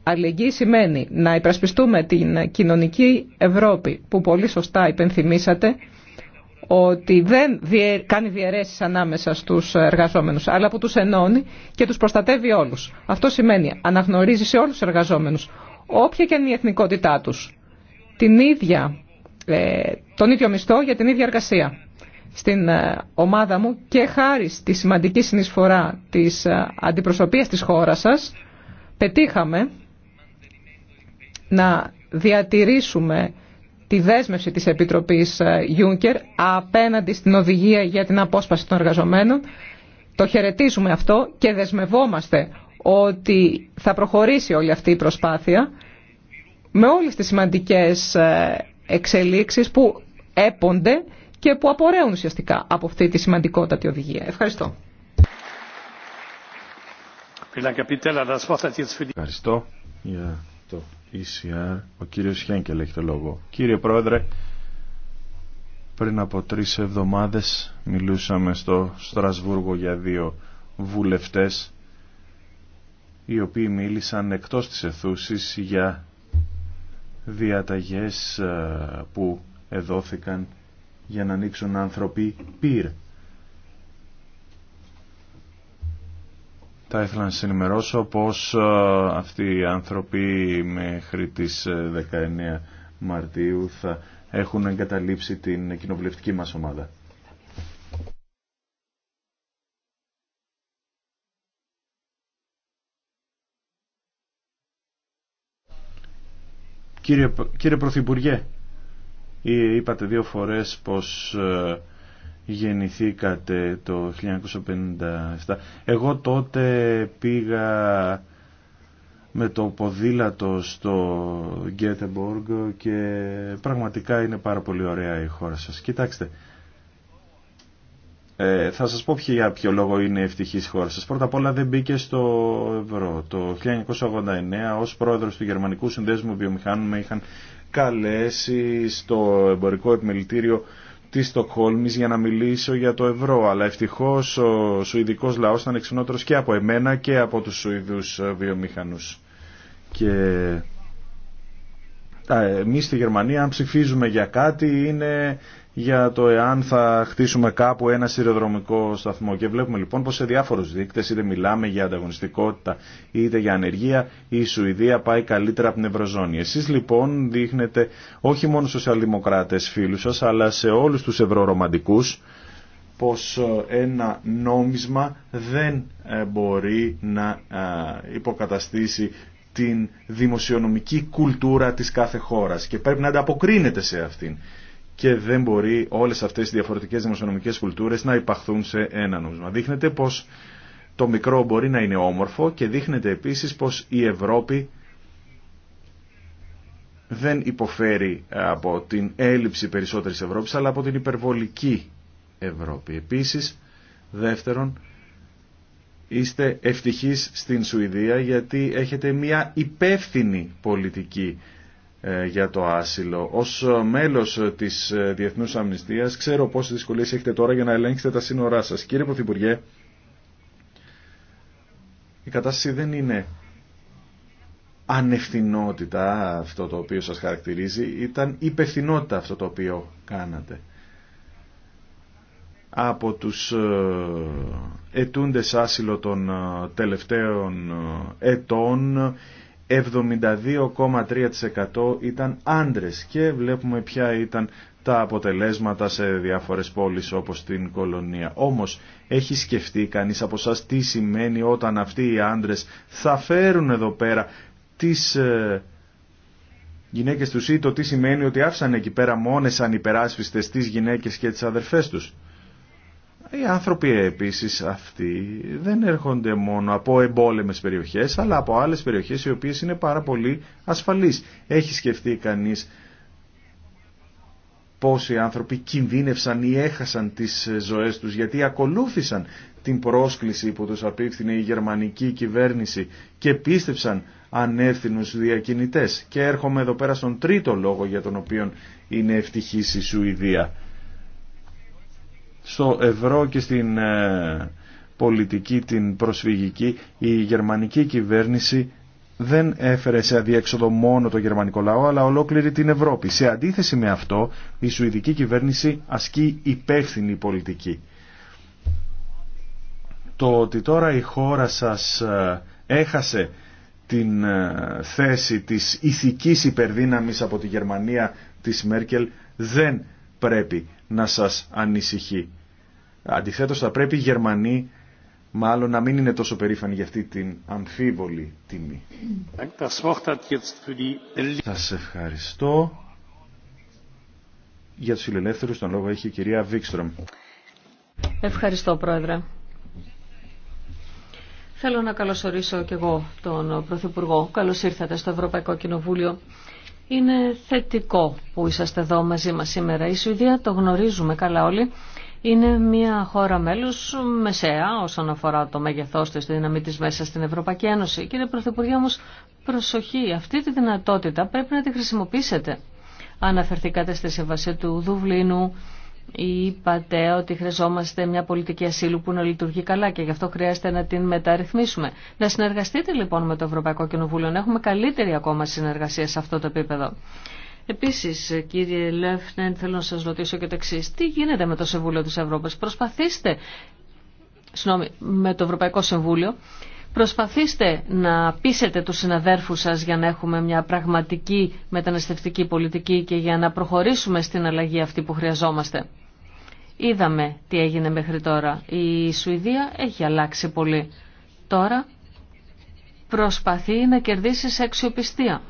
Αλληλεγγύη σημαίνει να υπρασπιστούμε την κοινωνική Ευρώπη, που πολύ σωστά υπενθυμίσατε, ότι δεν κάνει διαιρέσεις ανάμεσα στους εργαζόμενους, αλλά που τους ενώνει και τους προστατεύει όλους. Αυτό σημαίνει αναγνωρίζει σε όλους τους εργαζόμενους, όποια και είναι η εθνικότητά τους, ε, τον ίδιο μισθό για την ίδια εργασία. Στην ε, ομάδα μου και χάρη στη σημαντική συνεισφορά της ε, αντιπροσωπείας της χώρας σας, πετύχαμε να διατηρήσουμε τη δέσμευση της Επιτροπής ε, Juncker απέναντι στην οδηγία για την απόσπαση των εργαζομένων. Το χαιρετίζουμε αυτό και δεσμευόμαστε ότι θα προχωρήσει όλη αυτή η προσπάθεια με όλες τις σημαντικές ε, εξελίξεις που έπονται και που απορρέουν ουσιαστικά από αυτή τη σημαντικότατη οδηγία. Ευχαριστώ. Ευχαριστώ ECR, ο κύριος Χένκελ έχει το λόγο. Κύριε Πρόεδρε, πριν από τρεις εβδομάδες μιλούσαμε στο Στρασβούργο για δύο βουλευτές οι οποίοι μίλησαν εκτός της αιθούσης για διαταγές ε, που εδόθηκαν για να ανοίξουν άνθρωποι πυρ θα ήθελα να σας ενημερώσω πως ε, αυτοί οι άνθρωποι μέχρι τις 19 ε, Μαρτίου θα έχουν εγκαταλείψει την κοινοβουλευτική μας ομάδα. Κύριε, κύριε Πρωθυπουργέ, ε, είπατε δύο φορές πως γεννηθήκατε το 1957. Εγώ τότε πήγα με το ποδήλατο στο Γκέτεμποργκ και πραγματικά είναι πάρα πολύ ωραία η χώρα σας. Κοιτάξτε, ε, θα σας πω για ποιο λόγο είναι ευτυχής η χώρα σας. Πρώτα απ' όλα δεν μπήκε στο ευρώ. Το 1989 ως πρόεδρος του Γερμανικού Συνδέσμου Βιομηχάνου με είχαν καλέσει στο εμπορικό επιμελητήριο τη Στοκχόλμη για να μιλήσω για το ευρώ, αλλά ευτυχώ ο Σουηδικό λαό ήταν εξυνότερος και από εμένα και από τους Σουηδού ε, βιομήχανου. Και εμεί στη Γερμανία αν ψηφίζουμε για κάτι είναι για το εάν θα χτίσουμε κάπου ένα σειροδρομικό σταθμό. Και βλέπουμε λοιπόν πως σε διάφορους δείκτες, είτε μιλάμε για ανταγωνιστικότητα, είτε για ανεργία, η Σουηδία πάει καλύτερα από την Ευρωζώνη. Εσείς λοιπόν δείχνετε όχι μόνο στους αλλημοκράτες φίλους σας, αλλά σε όλους τους ευρωρομαντικούς, πως ε, ένα νόμισμα δεν ε, μπορεί να ε, υποκαταστήσει την δημοσιονομική κουλτούρα της κάθε χώρας και πρέπει να ανταποκρίνεται σε αυτήν και δεν μπορεί όλες αυτές οι διαφορετικές δημοσιονομικές κουλτούρες να υπαχθούν σε ένα νόμισμα. Δείχνεται πως το μικρό μπορεί να είναι όμορφο και δείχνεται επίσης πως η Ευρώπη δεν υποφέρει από την έλλειψη περισσότερης Ευρώπης αλλά από την υπερβολική Ευρώπη. Επίσης, δεύτερον, είστε ευτυχείς στην Σουηδία γιατί έχετε μια υπεύθυνη πολιτική ε, για το άσυλο. Ως μέλος της ε, Διεθνούς Αμνηστίας ξέρω πόσες δυσκολίες έχετε τώρα για να ελέγξετε τα σύνορά σας. Κύριε Πρωθυπουργέ, η κατάσταση δεν είναι ανευθυνότητα αυτό το οποίο σας χαρακτηρίζει, ήταν υπευθυνότητα αυτό το οποίο κάνατε. Από τους ε, ετούντες άσυλο των τελευταίων ετών 72,3% ήταν άντρες και βλέπουμε ποια ήταν τα αποτελέσματα σε διάφορες πόλεις όπως την Κολονία. Όμως έχει σκεφτεί κανείς από σας τι σημαίνει όταν αυτοί οι άντρες θα φέρουν εδώ πέρα τις ε, γυναίκες τους ή το τι σημαίνει ότι άφησαν εκεί πέρα μόνες ανυπεράσπιστες τις γυναίκες και τις αδερφές τους. Οι άνθρωποι επίσης αυτοί δεν έρχονται μόνο από εμπόλεμες περιοχές, αλλά από άλλες περιοχές οι οποίες είναι πάρα πολύ ασφαλείς. Έχει σκεφτεί κανείς πόσοι άνθρωποι κινδύνευσαν ή έχασαν τις ζωές τους γιατί ακολούθησαν την πρόσκληση που τους απίφθινε η γερμανική κυβέρνηση και πίστεψαν ανεύθυνους διακινητές. Και έρχομαι εδώ πέρα στον τρίτο λόγο για τον οποίο είναι ευτυχής η Σουηδία στο ευρώ και στην ε, πολιτική την προσφυγική η γερμανική κυβέρνηση δεν έφερε σε αδιέξοδο μόνο το γερμανικό λαό αλλά ολόκληρη την Ευρώπη. Σε αντίθεση με αυτό η Σουηδική κυβέρνηση ασκεί υπεύθυνη πολιτική. Το ότι τώρα η χώρα σας ε, έχασε την ε, θέση της ηθικής υπερδύναμης από τη Γερμανία της Μέρκελ δεν πρέπει να σας ανησυχεί. Αντιθέτως θα πρέπει οι Γερμανοί μάλλον να μην είναι τόσο περήφανοι για αυτή την αμφίβολη τιμή. Σα ευχαριστώ. Για τους φιλελεύθερους τον λόγο έχει η κυρία Βίξτρομ. Ευχαριστώ πρόεδρε. Θέλω να καλωσορίσω και εγώ τον Πρωθυπουργό. Καλώς ήρθατε στο Ευρωπαϊκό Κοινοβούλιο. Είναι θετικό που είσαστε εδώ μαζί μας σήμερα. Η Σουηδία το γνωρίζουμε καλά όλοι. Είναι μια χώρα μέλους μεσαία όσον αφορά το μέγεθός της, τη δύναμη της μέσα στην Ευρωπαϊκή Ένωση. Κύριε Πρωθυπουργέ όμως, προσοχή, αυτή τη δυνατότητα πρέπει να τη χρησιμοποιήσετε. Αναφερθήκατε στη Συμβασία του Δουβλίνου, Είπατε ότι χρειαζόμαστε μια πολιτική ασύλου που να λειτουργεί καλά και γι' αυτό χρειάζεται να την μεταρρυθμίσουμε. Να συνεργαστείτε λοιπόν με το Ευρωπαϊκό Κοινοβούλιο, να έχουμε καλύτερη ακόμα συνεργασία σε αυτό το επίπεδο. Επίση, κύριε Λεύνεν, θέλω να σα ρωτήσω και το εξή. Τι γίνεται με το Συμβούλιο τη Ευρώπη, προσπαθήστε, με το Ευρωπαϊκό Συμβούλιο, Προσπαθήστε να πείσετε τους συναδέρφους σας για να έχουμε μια πραγματική μεταναστευτική πολιτική και για να προχωρήσουμε στην αλλαγή αυτή που χρειαζόμαστε. Είδαμε τι έγινε μέχρι τώρα. Η Σουηδία έχει αλλάξει πολύ. Τώρα προσπαθεί να κερδίσει σε αξιοπιστία.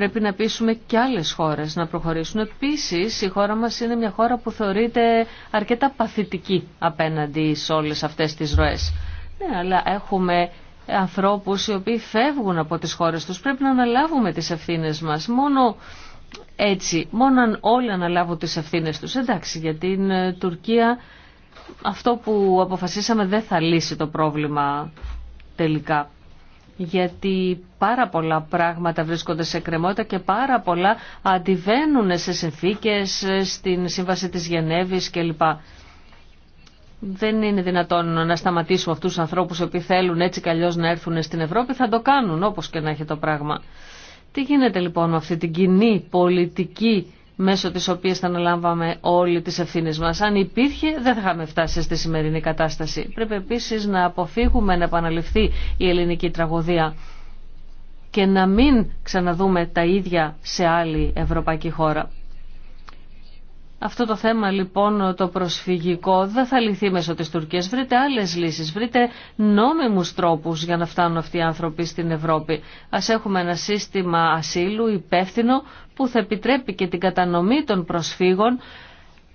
Πρέπει να πείσουμε και άλλες χώρες να προχωρήσουν. Επίσης, η χώρα μας είναι μια χώρα που θεωρείται αρκετά παθητική απέναντι σε όλες αυτές τις ροές. Ναι, αλλά έχουμε ανθρώπους οι οποίοι φεύγουν από τις χώρες τους. Πρέπει να αναλάβουμε τις ευθύνες μας. Μόνο έτσι, μόνο αν όλοι αναλάβουν τις ευθύνες τους. Εντάξει, για την ε, Τουρκία αυτό που αποφασίσαμε δεν θα λύσει το πρόβλημα τελικά γιατί πάρα πολλά πράγματα βρίσκονται σε κρεμότητα και πάρα πολλά αντιβαίνουν σε συνθήκες, στην Σύμβαση της Γενέβης κλπ. Δεν είναι δυνατόν να σταματήσουμε αυτούς τους ανθρώπους που θέλουν έτσι καλώς να έρθουν στην Ευρώπη, θα το κάνουν όπως και να έχει το πράγμα. Τι γίνεται λοιπόν με αυτή την κοινή πολιτική μέσω της οποίας θα αναλάμβαμε όλοι τις ευθύνες μας. Αν υπήρχε δεν θα είχαμε φτάσει στη σημερινή κατάσταση. Πρέπει επίσης να αποφύγουμε να επαναληφθεί η ελληνική τραγωδία και να μην ξαναδούμε τα ίδια σε άλλη ευρωπαϊκή χώρα. Αυτό το θέμα λοιπόν το προσφυγικό δεν θα λυθεί μέσω της Τουρκίας. Βρείτε άλλες λύσεις, βρείτε νόμιμους τρόπους για να φτάνουν αυτοί οι άνθρωποι στην Ευρώπη. Ας έχουμε ένα σύστημα ασύλου υπεύθυνο που θα επιτρέπει και την κατανομή των προσφύγων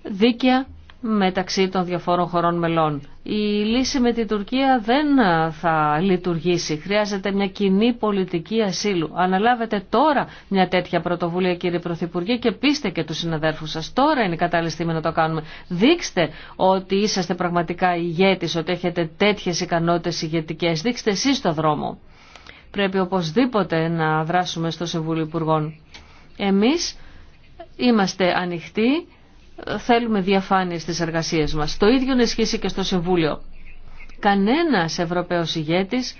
δίκαια μεταξύ των διαφόρων χωρών μελών. Η λύση με την Τουρκία δεν θα λειτουργήσει. Χρειάζεται μια κοινή πολιτική ασύλου. Αναλάβετε τώρα μια τέτοια πρωτοβουλία κύριε Πρωθυπουργέ και πείστε και τους συναδέρφους σας. Τώρα είναι η κατάλληλη στιγμή να το κάνουμε. Δείξτε ότι είσαστε πραγματικά ηγέτης, ότι έχετε τέτοιες ικανότητες ηγετικές. Δείξτε εσείς το δρόμο. Πρέπει οπωσδήποτε να δράσουμε στο Συμβούλιο Υπουργών. Εμείς είμαστε ανοιχτοί θέλουμε διαφάνεια στις εργασίες μας. Το ίδιο να ισχύσει και στο Συμβούλιο. Κανένας Ευρωπαίος ηγέτης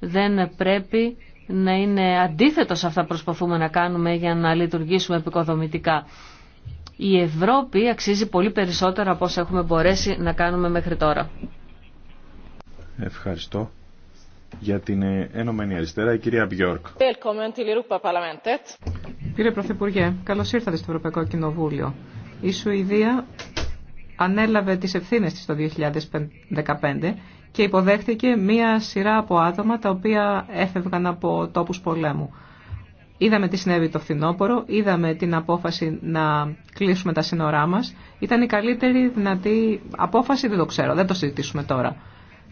δεν πρέπει να είναι αντίθετος αυτά που προσπαθούμε να κάνουμε για να λειτουργήσουμε επικοδομητικά. Η Ευρώπη αξίζει πολύ περισσότερα από όσα έχουμε μπορέσει να κάνουμε μέχρι τώρα. Ευχαριστώ. Για την Ενωμένη Αριστερά, η κυρία Μπιόρκ. Κύριε Πρωθυπουργέ, καλώς ήρθατε στο Ευρωπαϊκό Κοινοβούλιο. Η Σουηδία ανέλαβε τις ευθύνες της το 2015 και υποδέχτηκε μία σειρά από άτομα τα οποία έφευγαν από τόπους πολέμου. Είδαμε τι συνέβη το φθινόπωρο, είδαμε την απόφαση να κλείσουμε τα σύνορά μας. Ήταν η καλύτερη δυνατή απόφαση, δεν το ξέρω, δεν το συζητήσουμε τώρα.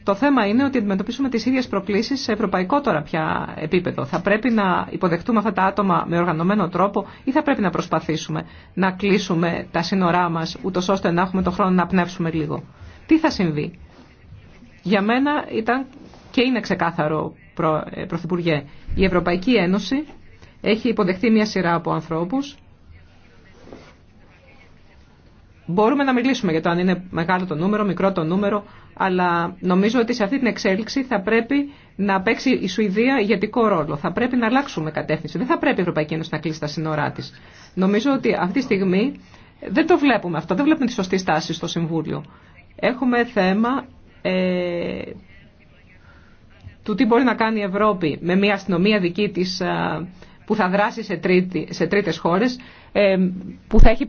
Το θέμα είναι ότι αντιμετωπίσουμε τις ίδιες προκλήσεις σε ευρωπαϊκό τώρα πια επίπεδο. Θα πρέπει να υποδεχτούμε αυτά τα άτομα με οργανωμένο τρόπο ή θα πρέπει να προσπαθήσουμε να κλείσουμε τα σύνορά μας ούτω ώστε να έχουμε τον χρόνο να πνεύσουμε λίγο. Τι θα συμβεί. Για μένα ήταν και είναι ξεκάθαρο, ε, Πρωθυπουργέ, η Ευρωπαϊκή Ένωση έχει υποδεχτεί μια σειρά από ανθρώπους Μπορούμε να μιλήσουμε για το αν είναι μεγάλο το νούμερο, μικρό το νούμερο, αλλά νομίζω ότι σε αυτή την εξέλιξη θα πρέπει να παίξει η Σουηδία ηγετικό ρόλο. Θα πρέπει να αλλάξουμε κατεύθυνση. Δεν θα πρέπει η Ευρωπαϊκή Ένωση να κλείσει τα σύνορά τη. Νομίζω ότι αυτή τη στιγμή δεν το βλέπουμε αυτό. Δεν βλέπουμε τη σωστή στάση στο Συμβούλιο. Έχουμε θέμα ε, του τι μπορεί να κάνει η Ευρώπη με μια αστυνομία δική της ε, που θα δράσει σε, τρίτη, σε τρίτες χώρες ε, που θα έχει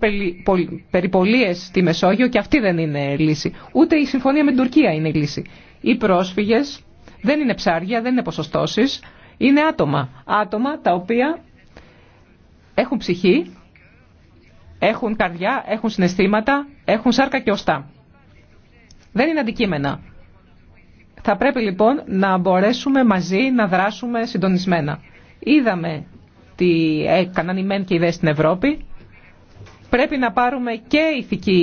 περιπολίες στη Μεσόγειο και αυτή δεν είναι λύση. Ούτε η συμφωνία με την Τουρκία είναι λύση. Οι πρόσφυγες δεν είναι ψάρια, δεν είναι ποσοστώσεις, είναι άτομα. Άτομα τα οποία έχουν ψυχή, έχουν καρδιά, έχουν συναισθήματα, έχουν σάρκα και οστά. Δεν είναι αντικείμενα. Θα πρέπει λοιπόν να μπορέσουμε μαζί να δράσουμε συντονισμένα. Είδαμε ότι έκαναν οι μεν και οι δε στην Ευρώπη. Πρέπει να πάρουμε και ηθική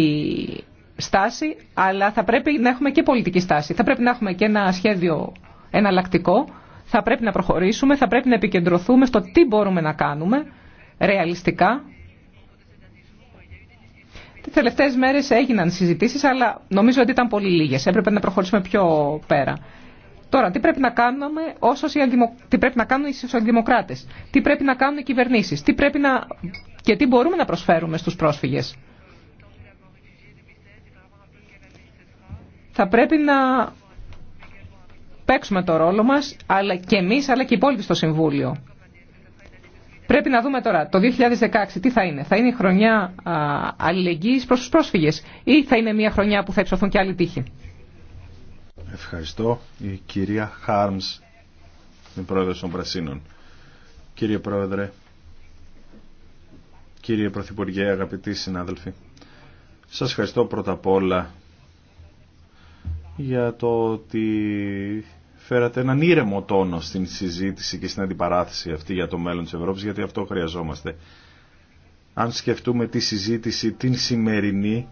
στάση, αλλά θα πρέπει να έχουμε και πολιτική στάση. Θα πρέπει να έχουμε και ένα σχέδιο εναλλακτικό, θα πρέπει να προχωρήσουμε, θα πρέπει να επικεντρωθούμε στο τι μπορούμε να κάνουμε ρεαλιστικά. Τι τελευταίες μέρες έγιναν συζητήσεις, αλλά νομίζω ότι ήταν πολύ λίγες. Έπρεπε να προχωρήσουμε πιο πέρα. Τώρα, τι πρέπει να, κάνουμε όσοι τι πρέπει να κάνουν οι σοσιαλδημοκράτες, τι πρέπει να κάνουν οι κυβερνήσεις, τι πρέπει να... και τι μπορούμε να προσφέρουμε στους πρόσφυγες. Θα πρέπει να παίξουμε το ρόλο μας, αλλά και εμείς, αλλά και οι υπόλοιποι στο Συμβούλιο. Πρέπει να δούμε τώρα, το 2016 τι θα είναι. Θα είναι η χρονιά αλληλεγγύης προς τους πρόσφυγες ή θα είναι μια χρονιά που θα υψωθούν και άλλοι τύχοι. Ευχαριστώ. Η κυρία Χάρμς, την πρόεδρος των Πρασίνων. Κύριε Πρόεδρε, κύριε Πρωθυπουργέ, αγαπητοί συνάδελφοι, σας ευχαριστώ πρώτα απ' όλα για το ότι φέρατε έναν ήρεμο τόνο στην συζήτηση και στην αντιπαράθεση αυτή για το μέλλον της Ευρώπης, γιατί αυτό χρειαζόμαστε. Αν σκεφτούμε τη συζήτηση την σημερινή,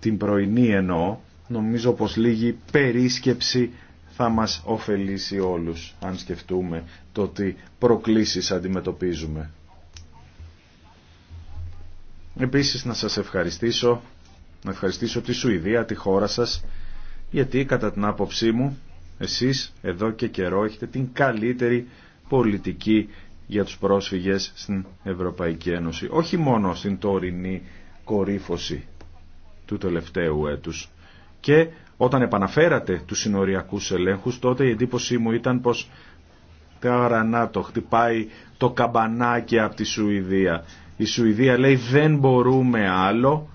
την πρωινή εννοώ, νομίζω πως λίγη περίσκεψη θα μας ωφελήσει όλους, αν σκεφτούμε το τι προκλήσεις αντιμετωπίζουμε. Επίσης να σας ευχαριστήσω, να ευχαριστήσω τη Σουηδία, τη χώρα σας, γιατί κατά την άποψή μου, εσείς εδώ και καιρό έχετε την καλύτερη πολιτική για τους πρόσφυγες στην Ευρωπαϊκή Ένωση. Όχι μόνο στην τωρινή κορύφωση του τελευταίου έτους, και όταν επαναφέρατε τους συνοριακούς ελέγχους, τότε η εντύπωσή μου ήταν πως τώρα να το χτυπάει το καμπανάκι από τη Σουηδία. Η Σουηδία λέει δεν μπορούμε άλλο,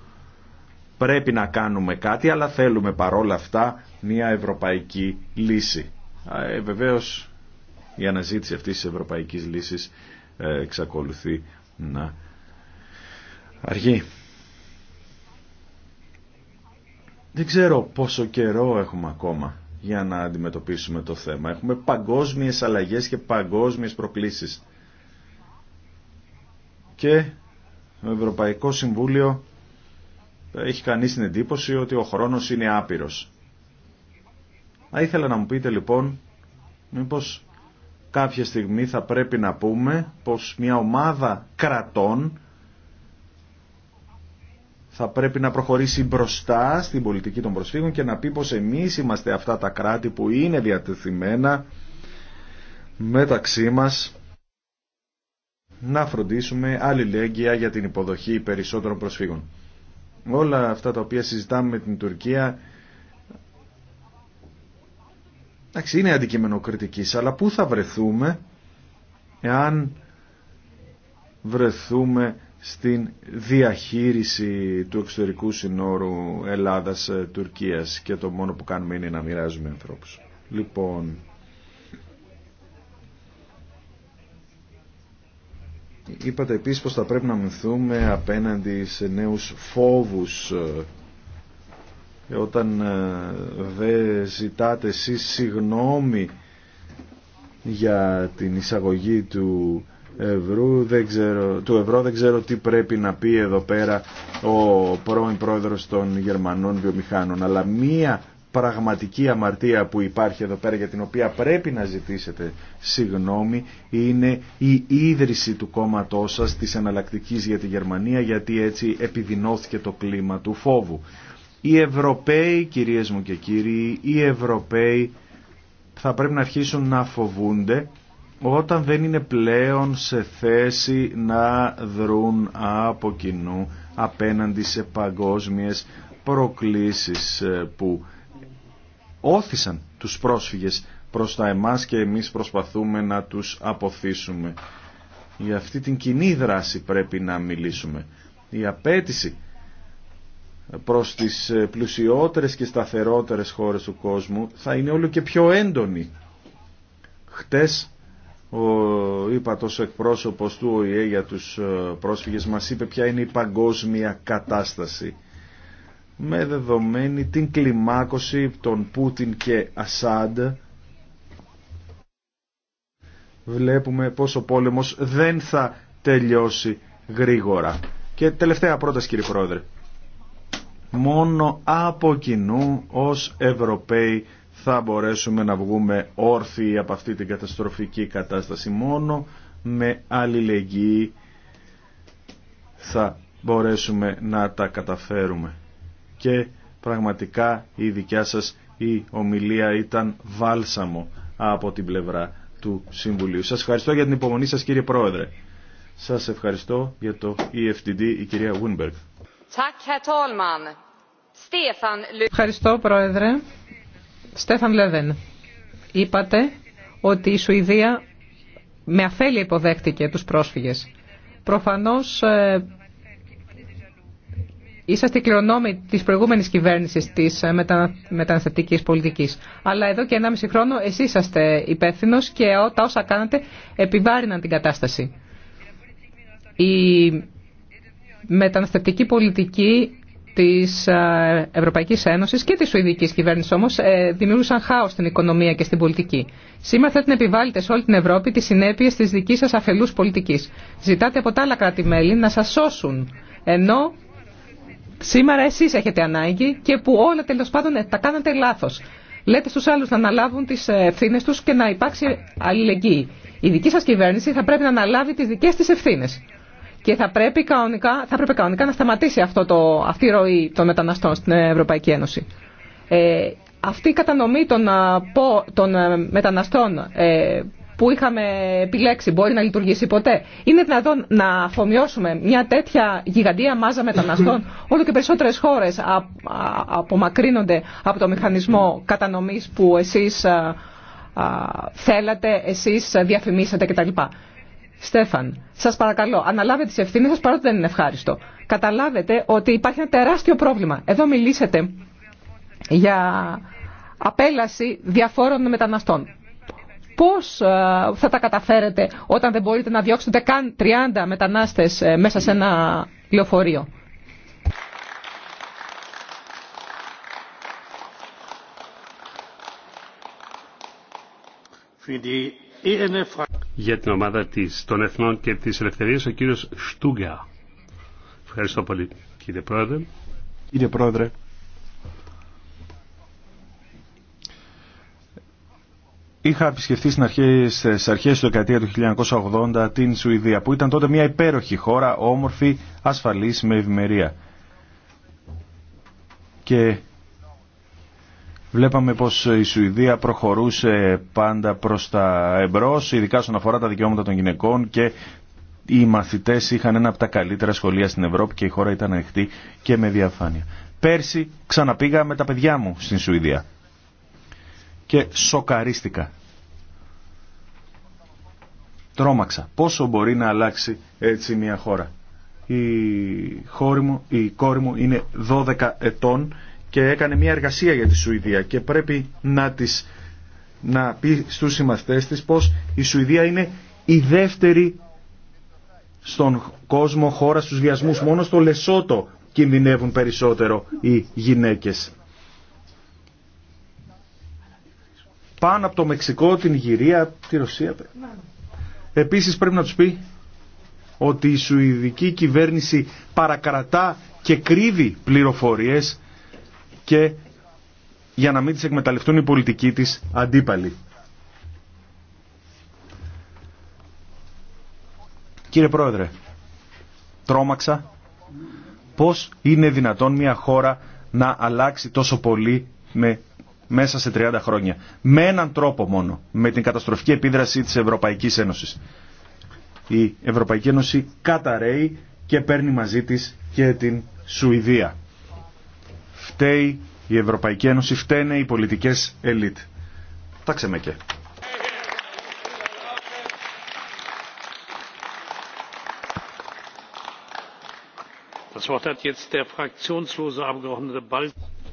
πρέπει να κάνουμε κάτι, αλλά θέλουμε παρόλα αυτά μια ευρωπαϊκή λύση. Ε, βεβαίως η αναζήτηση αυτής της ευρωπαϊκής λύσης ε, εξακολουθεί να αργεί. Δεν ξέρω πόσο καιρό έχουμε ακόμα για να αντιμετωπίσουμε το θέμα. Έχουμε παγκόσμιες αλλαγές και παγκόσμιες προκλήσεις. Και το Ευρωπαϊκό Συμβούλιο έχει κανεί την εντύπωση ότι ο χρόνος είναι άπειρος. Θα ήθελα να μου πείτε λοιπόν μήπως κάποια στιγμή θα πρέπει να πούμε πως μια ομάδα κρατών θα πρέπει να προχωρήσει μπροστά στην πολιτική των προσφύγων και να πει πως εμείς είμαστε αυτά τα κράτη που είναι διατεθειμένα μεταξύ μας να φροντίσουμε αλληλέγγυα για την υποδοχή περισσότερων προσφύγων. Όλα αυτά τα οποία συζητάμε με την Τουρκία εντάξει, είναι αντικείμενο αλλά πού θα βρεθούμε εάν βρεθούμε στην διαχείριση του εξωτερικού συνόρου Ελλάδας-Τουρκίας και το μόνο που κάνουμε είναι να μοιράζουμε ανθρώπους. Λοιπόν, είπατε επίσης πως θα πρέπει να μυθούμε απέναντι σε νέους φόβους ε, όταν ε, δεν ζητάτε εσείς συγγνώμη για την εισαγωγή του ευρώ, δεν ξέρω, του ευρώ δεν ξέρω τι πρέπει να πει εδώ πέρα ο πρώην πρόεδρος των Γερμανών βιομηχάνων. Αλλά μία πραγματική αμαρτία που υπάρχει εδώ πέρα για την οποία πρέπει να ζητήσετε συγγνώμη είναι η ίδρυση του κόμματός σας της εναλλακτική για τη Γερμανία γιατί έτσι επιδεινώθηκε το κλίμα του φόβου. Οι Ευρωπαίοι, κυρίες μου και κύριοι, οι Ευρωπαίοι θα πρέπει να αρχίσουν να φοβούνται όταν δεν είναι πλέον σε θέση να δρουν από κοινού απέναντι σε παγκόσμιες προκλήσεις ε, που όθησαν τους πρόσφυγες προς τα εμάς και εμείς προσπαθούμε να τους αποθήσουμε. Για αυτή την κοινή δράση πρέπει να μιλήσουμε. Η απέτηση προς τις ε, πλουσιότερες και σταθερότερες χώρες του κόσμου θα είναι όλο και πιο έντονη. Χτες ο ύπατος εκπρόσωπος του ΟΗΕ για τους ε, πρόσφυγες μας είπε ποια είναι η παγκόσμια κατάσταση με δεδομένη την κλιμάκωση των Πούτιν και Ασάντ βλέπουμε πως ο πόλεμος δεν θα τελειώσει γρήγορα. Και τελευταία πρόταση κύριε Πρόεδρε. Μόνο από κοινού ως Ευρωπαίοι θα μπορέσουμε να βγούμε όρθιοι από αυτή την καταστροφική κατάσταση. Μόνο με αλληλεγγύη θα μπορέσουμε να τα καταφέρουμε. Και πραγματικά η δικιά σας η ομιλία ήταν βάλσαμο από την πλευρά του Συμβουλίου. Σας ευχαριστώ για την υπομονή σας κύριε Πρόεδρε. Σας ευχαριστώ για το EFTD η κυρία Winberg. Ευχαριστώ Πρόεδρε. Στέφαν Λεβέν, είπατε ότι η Σουηδία με αφέλεια υποδέχτηκε τους πρόσφυγες. Προφανώς ε, είσαστε κληρονόμοι της προηγούμενης κυβέρνησης της ε, μετα... μεταναστευτικής πολιτικής. Αλλά εδώ και 1,5 χρόνο εσείς είσαστε υπεύθυνο και τα όσα κάνατε επιβάρυναν την κατάσταση. Η μεταναστευτική πολιτική της ε, Ευρωπαϊκής Ένωσης και της Σουηδικής κυβέρνησης όμως ε, δημιούργησαν χάος στην οικονομία και στην πολιτική. Σήμερα θέλετε να επιβάλλετε σε όλη την Ευρώπη τις συνέπειες της δικής σας αφελούς πολιτικής. Ζητάτε από τα άλλα κράτη-μέλη να σας σώσουν, ενώ σήμερα εσείς έχετε ανάγκη και που όλα τέλος πάντων ε, τα κάνατε λάθος. Λέτε στους άλλους να αναλάβουν τις ευθύνε τους και να υπάρξει αλληλεγγύη. Η δική σας κυβέρνηση θα πρέπει να αναλάβει τις δικές της ευθύνες. Και θα πρέπει κανονικά, θα πρέπει κανονικά να σταματήσει αυτό το, αυτή η ροή των μεταναστών στην Ευρωπαϊκή Ένωση. Ε, αυτή η κατανομή των, ε, των ε, μεταναστών ε, που είχαμε επιλέξει μπορεί να λειτουργήσει ποτέ. Είναι δυνατόν να αφομοιώσουμε μια τέτοια γιγαντία μάζα μεταναστών. Όλο και περισσότερες χώρες απομακρύνονται από το μηχανισμό κατανομής που εσείς ε, θέλατε, εσείς διαφημίσατε κτλ. Στέφαν, σα παρακαλώ, αναλάβετε τι ευθύνε σα παρότι δεν είναι ευχάριστο. Καταλάβετε ότι υπάρχει ένα τεράστιο πρόβλημα. Εδώ μιλήσετε για απέλαση διαφόρων μεταναστών. Πώς ε, θα τα καταφέρετε όταν δεν μπορείτε να διώξετε καν 30 μετανάστες ε, μέσα σε ένα λεωφορείο. Für για την ομάδα της, των Εθνών και της Ελευθερίας, ο κύριος Στούγκα. Ευχαριστώ πολύ, κύριε Πρόεδρε. Κύριε Πρόεδρε. Είχα επισκεφθεί στην στις αρχές του δεκαετία του 1980 την Σουηδία, που ήταν τότε μια υπέροχη χώρα, όμορφη, ασφαλής, με ευημερία. Και Βλέπαμε πως η Σουηδία προχωρούσε πάντα προς τα εμπρός, ειδικά στον αφορά τα δικαιώματα των γυναικών και οι μαθητές είχαν ένα από τα καλύτερα σχολεία στην Ευρώπη και η χώρα ήταν ανοιχτή και με διαφάνεια. Πέρσι ξαναπήγα με τα παιδιά μου στην Σουηδία και σοκαρίστηκα. Τρόμαξα. Πόσο μπορεί να αλλάξει έτσι μια χώρα. Η, χώρη μου, η κόρη μου είναι 12 ετών και έκανε μια εργασία για τη Σουηδία και πρέπει να, τις να πει στους συμμαθητές της πως η Σουηδία είναι η δεύτερη στον κόσμο χώρα στους βιασμούς. Μόνο στο Λεσότο κινδυνεύουν περισσότερο οι γυναίκες. Πάνω από το Μεξικό, την Ιγυρία, τη Ρωσία. Επίσης πρέπει να τους πει ότι η Σουηδική κυβέρνηση παρακρατά και κρύβει πληροφορίες και για να μην τις εκμεταλλευτούν οι πολιτικοί της αντίπαλοι. Κύριε Πρόεδρε, τρόμαξα πώς είναι δυνατόν μια χώρα να αλλάξει τόσο πολύ με, μέσα σε 30 χρόνια. Με έναν τρόπο μόνο, με την καταστροφική επίδραση της Ευρωπαϊκής Ένωσης. Η Ευρωπαϊκή Ένωση καταραίει και παίρνει μαζί της και την Σουηδία φταίει η Ευρωπαϊκή Ένωση, φταίνε οι πολιτικές ελίτ. Τα ξεμεκέ.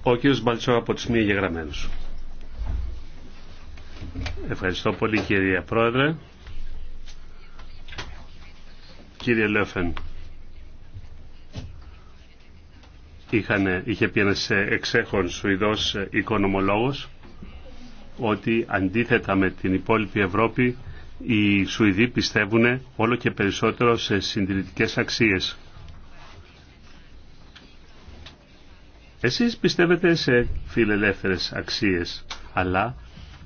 Ο κ. Μπαλτσό από τις μία γεγραμμένους. Ευχαριστώ πολύ κύριε Πρόεδρε. Κύριε Λέφεν, είχαν, είχε πει ένας εξέχων Σουηδός οικονομολόγος ότι αντίθετα με την υπόλοιπη Ευρώπη οι Σουηδοί πιστεύουν όλο και περισσότερο σε συντηρητικές αξίες. Εσείς πιστεύετε σε φιλελεύθερες αξίες, αλλά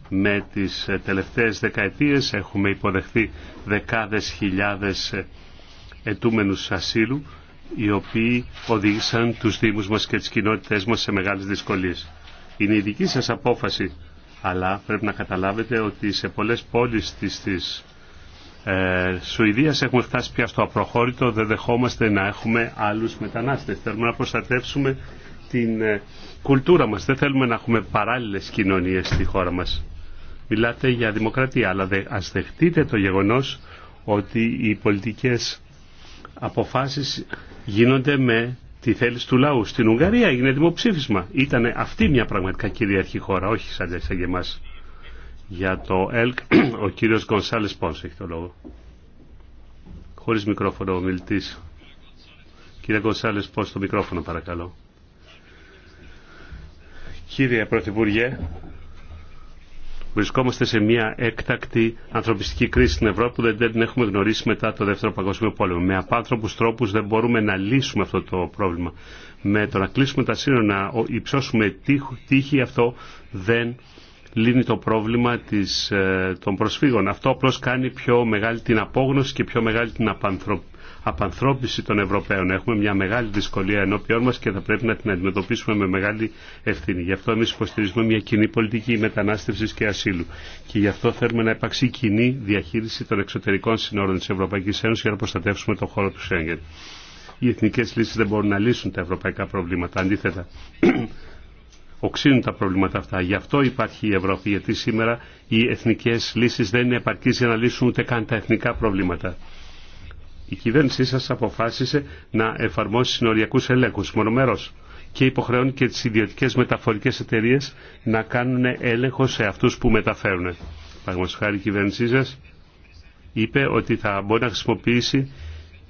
με τις τελευταίες δεκαετίες έχουμε υποδεχθεί δεκάδες χιλιάδες ετούμενους ασύλου οι οποίοι οδήγησαν τους Δήμους μας και τις κοινότητές μας σε μεγάλες δυσκολίες. Είναι η δική σας απόφαση, αλλά πρέπει να καταλάβετε ότι σε πολλές πόλεις της, της ε, Σουηδίας έχουμε φτάσει πια στο απροχώρητο, δεν δεχόμαστε να έχουμε άλλους μετανάστες. Θέλουμε να προστατεύσουμε την ε, κουλτούρα μας, δεν θέλουμε να έχουμε παράλληλες κοινωνίες στη χώρα μας. Μιλάτε για δημοκρατία, αλλά δε, ας δεχτείτε το γεγονός ότι οι πολιτικές αποφάσεις γίνονται με τη θέληση του λαού. Στην Ουγγαρία έγινε δημοψήφισμα. Ήταν αυτή μια πραγματικά κυριαρχή χώρα, όχι σαν για εμά. Για το ΕΛΚ, ο κύριος Γκονσάλε Πόνς έχει το λόγο. Χωρίς μικρόφωνο ο μιλητή. Κύριε Γκονσάλε Πόνς, το μικρόφωνο παρακαλώ. Κύριε Πρωθυπουργέ, Βρισκόμαστε σε μια έκτακτη ανθρωπιστική κρίση στην Ευρώπη που δεν την έχουμε γνωρίσει μετά το Δεύτερο Παγκόσμιο Πόλεμο. Με απάνθρωπου τρόπου δεν μπορούμε να λύσουμε αυτό το πρόβλημα. Με το να κλείσουμε τα σύνορα, να υψώσουμε τύχη, αυτό δεν λύνει το πρόβλημα της, ε, των προσφύγων. Αυτό απλώ κάνει πιο μεγάλη την απόγνωση και πιο μεγάλη την απανθρωπ, απανθρώπιση των Ευρωπαίων. Έχουμε μια μεγάλη δυσκολία ενώπιόν μας και θα πρέπει να την αντιμετωπίσουμε με μεγάλη ευθύνη. Γι' αυτό εμείς υποστηρίζουμε μια κοινή πολιτική μετανάστευσης και ασύλου. Και γι' αυτό θέλουμε να υπάρξει κοινή διαχείριση των εξωτερικών συνόρων της Ευρωπαϊκής Ένωσης για να προστατεύσουμε τον χώρο του Σέγγεν. Οι εθνικές λύσεις δεν μπορούν να λύσουν τα ευρωπαϊκά προβλήματα. Αντίθετα, οξύνουν τα προβλήματα αυτά. Γι' αυτό υπάρχει η Ευρώπη, γιατί σήμερα οι εθνικές λύσεις δεν είναι επαρκείς για να λύσουν ούτε καν τα εθνικά προβλήματα η κυβέρνησή σας αποφάσισε να εφαρμόσει συνοριακούς ελέγχους μονομερός και υποχρεώνει και τις ιδιωτικές μεταφορικές εταιρείες να κάνουν έλεγχο σε αυτούς που μεταφέρουν. Παραγματικά χάρη η κυβέρνησή σας είπε ότι θα μπορεί να χρησιμοποιήσει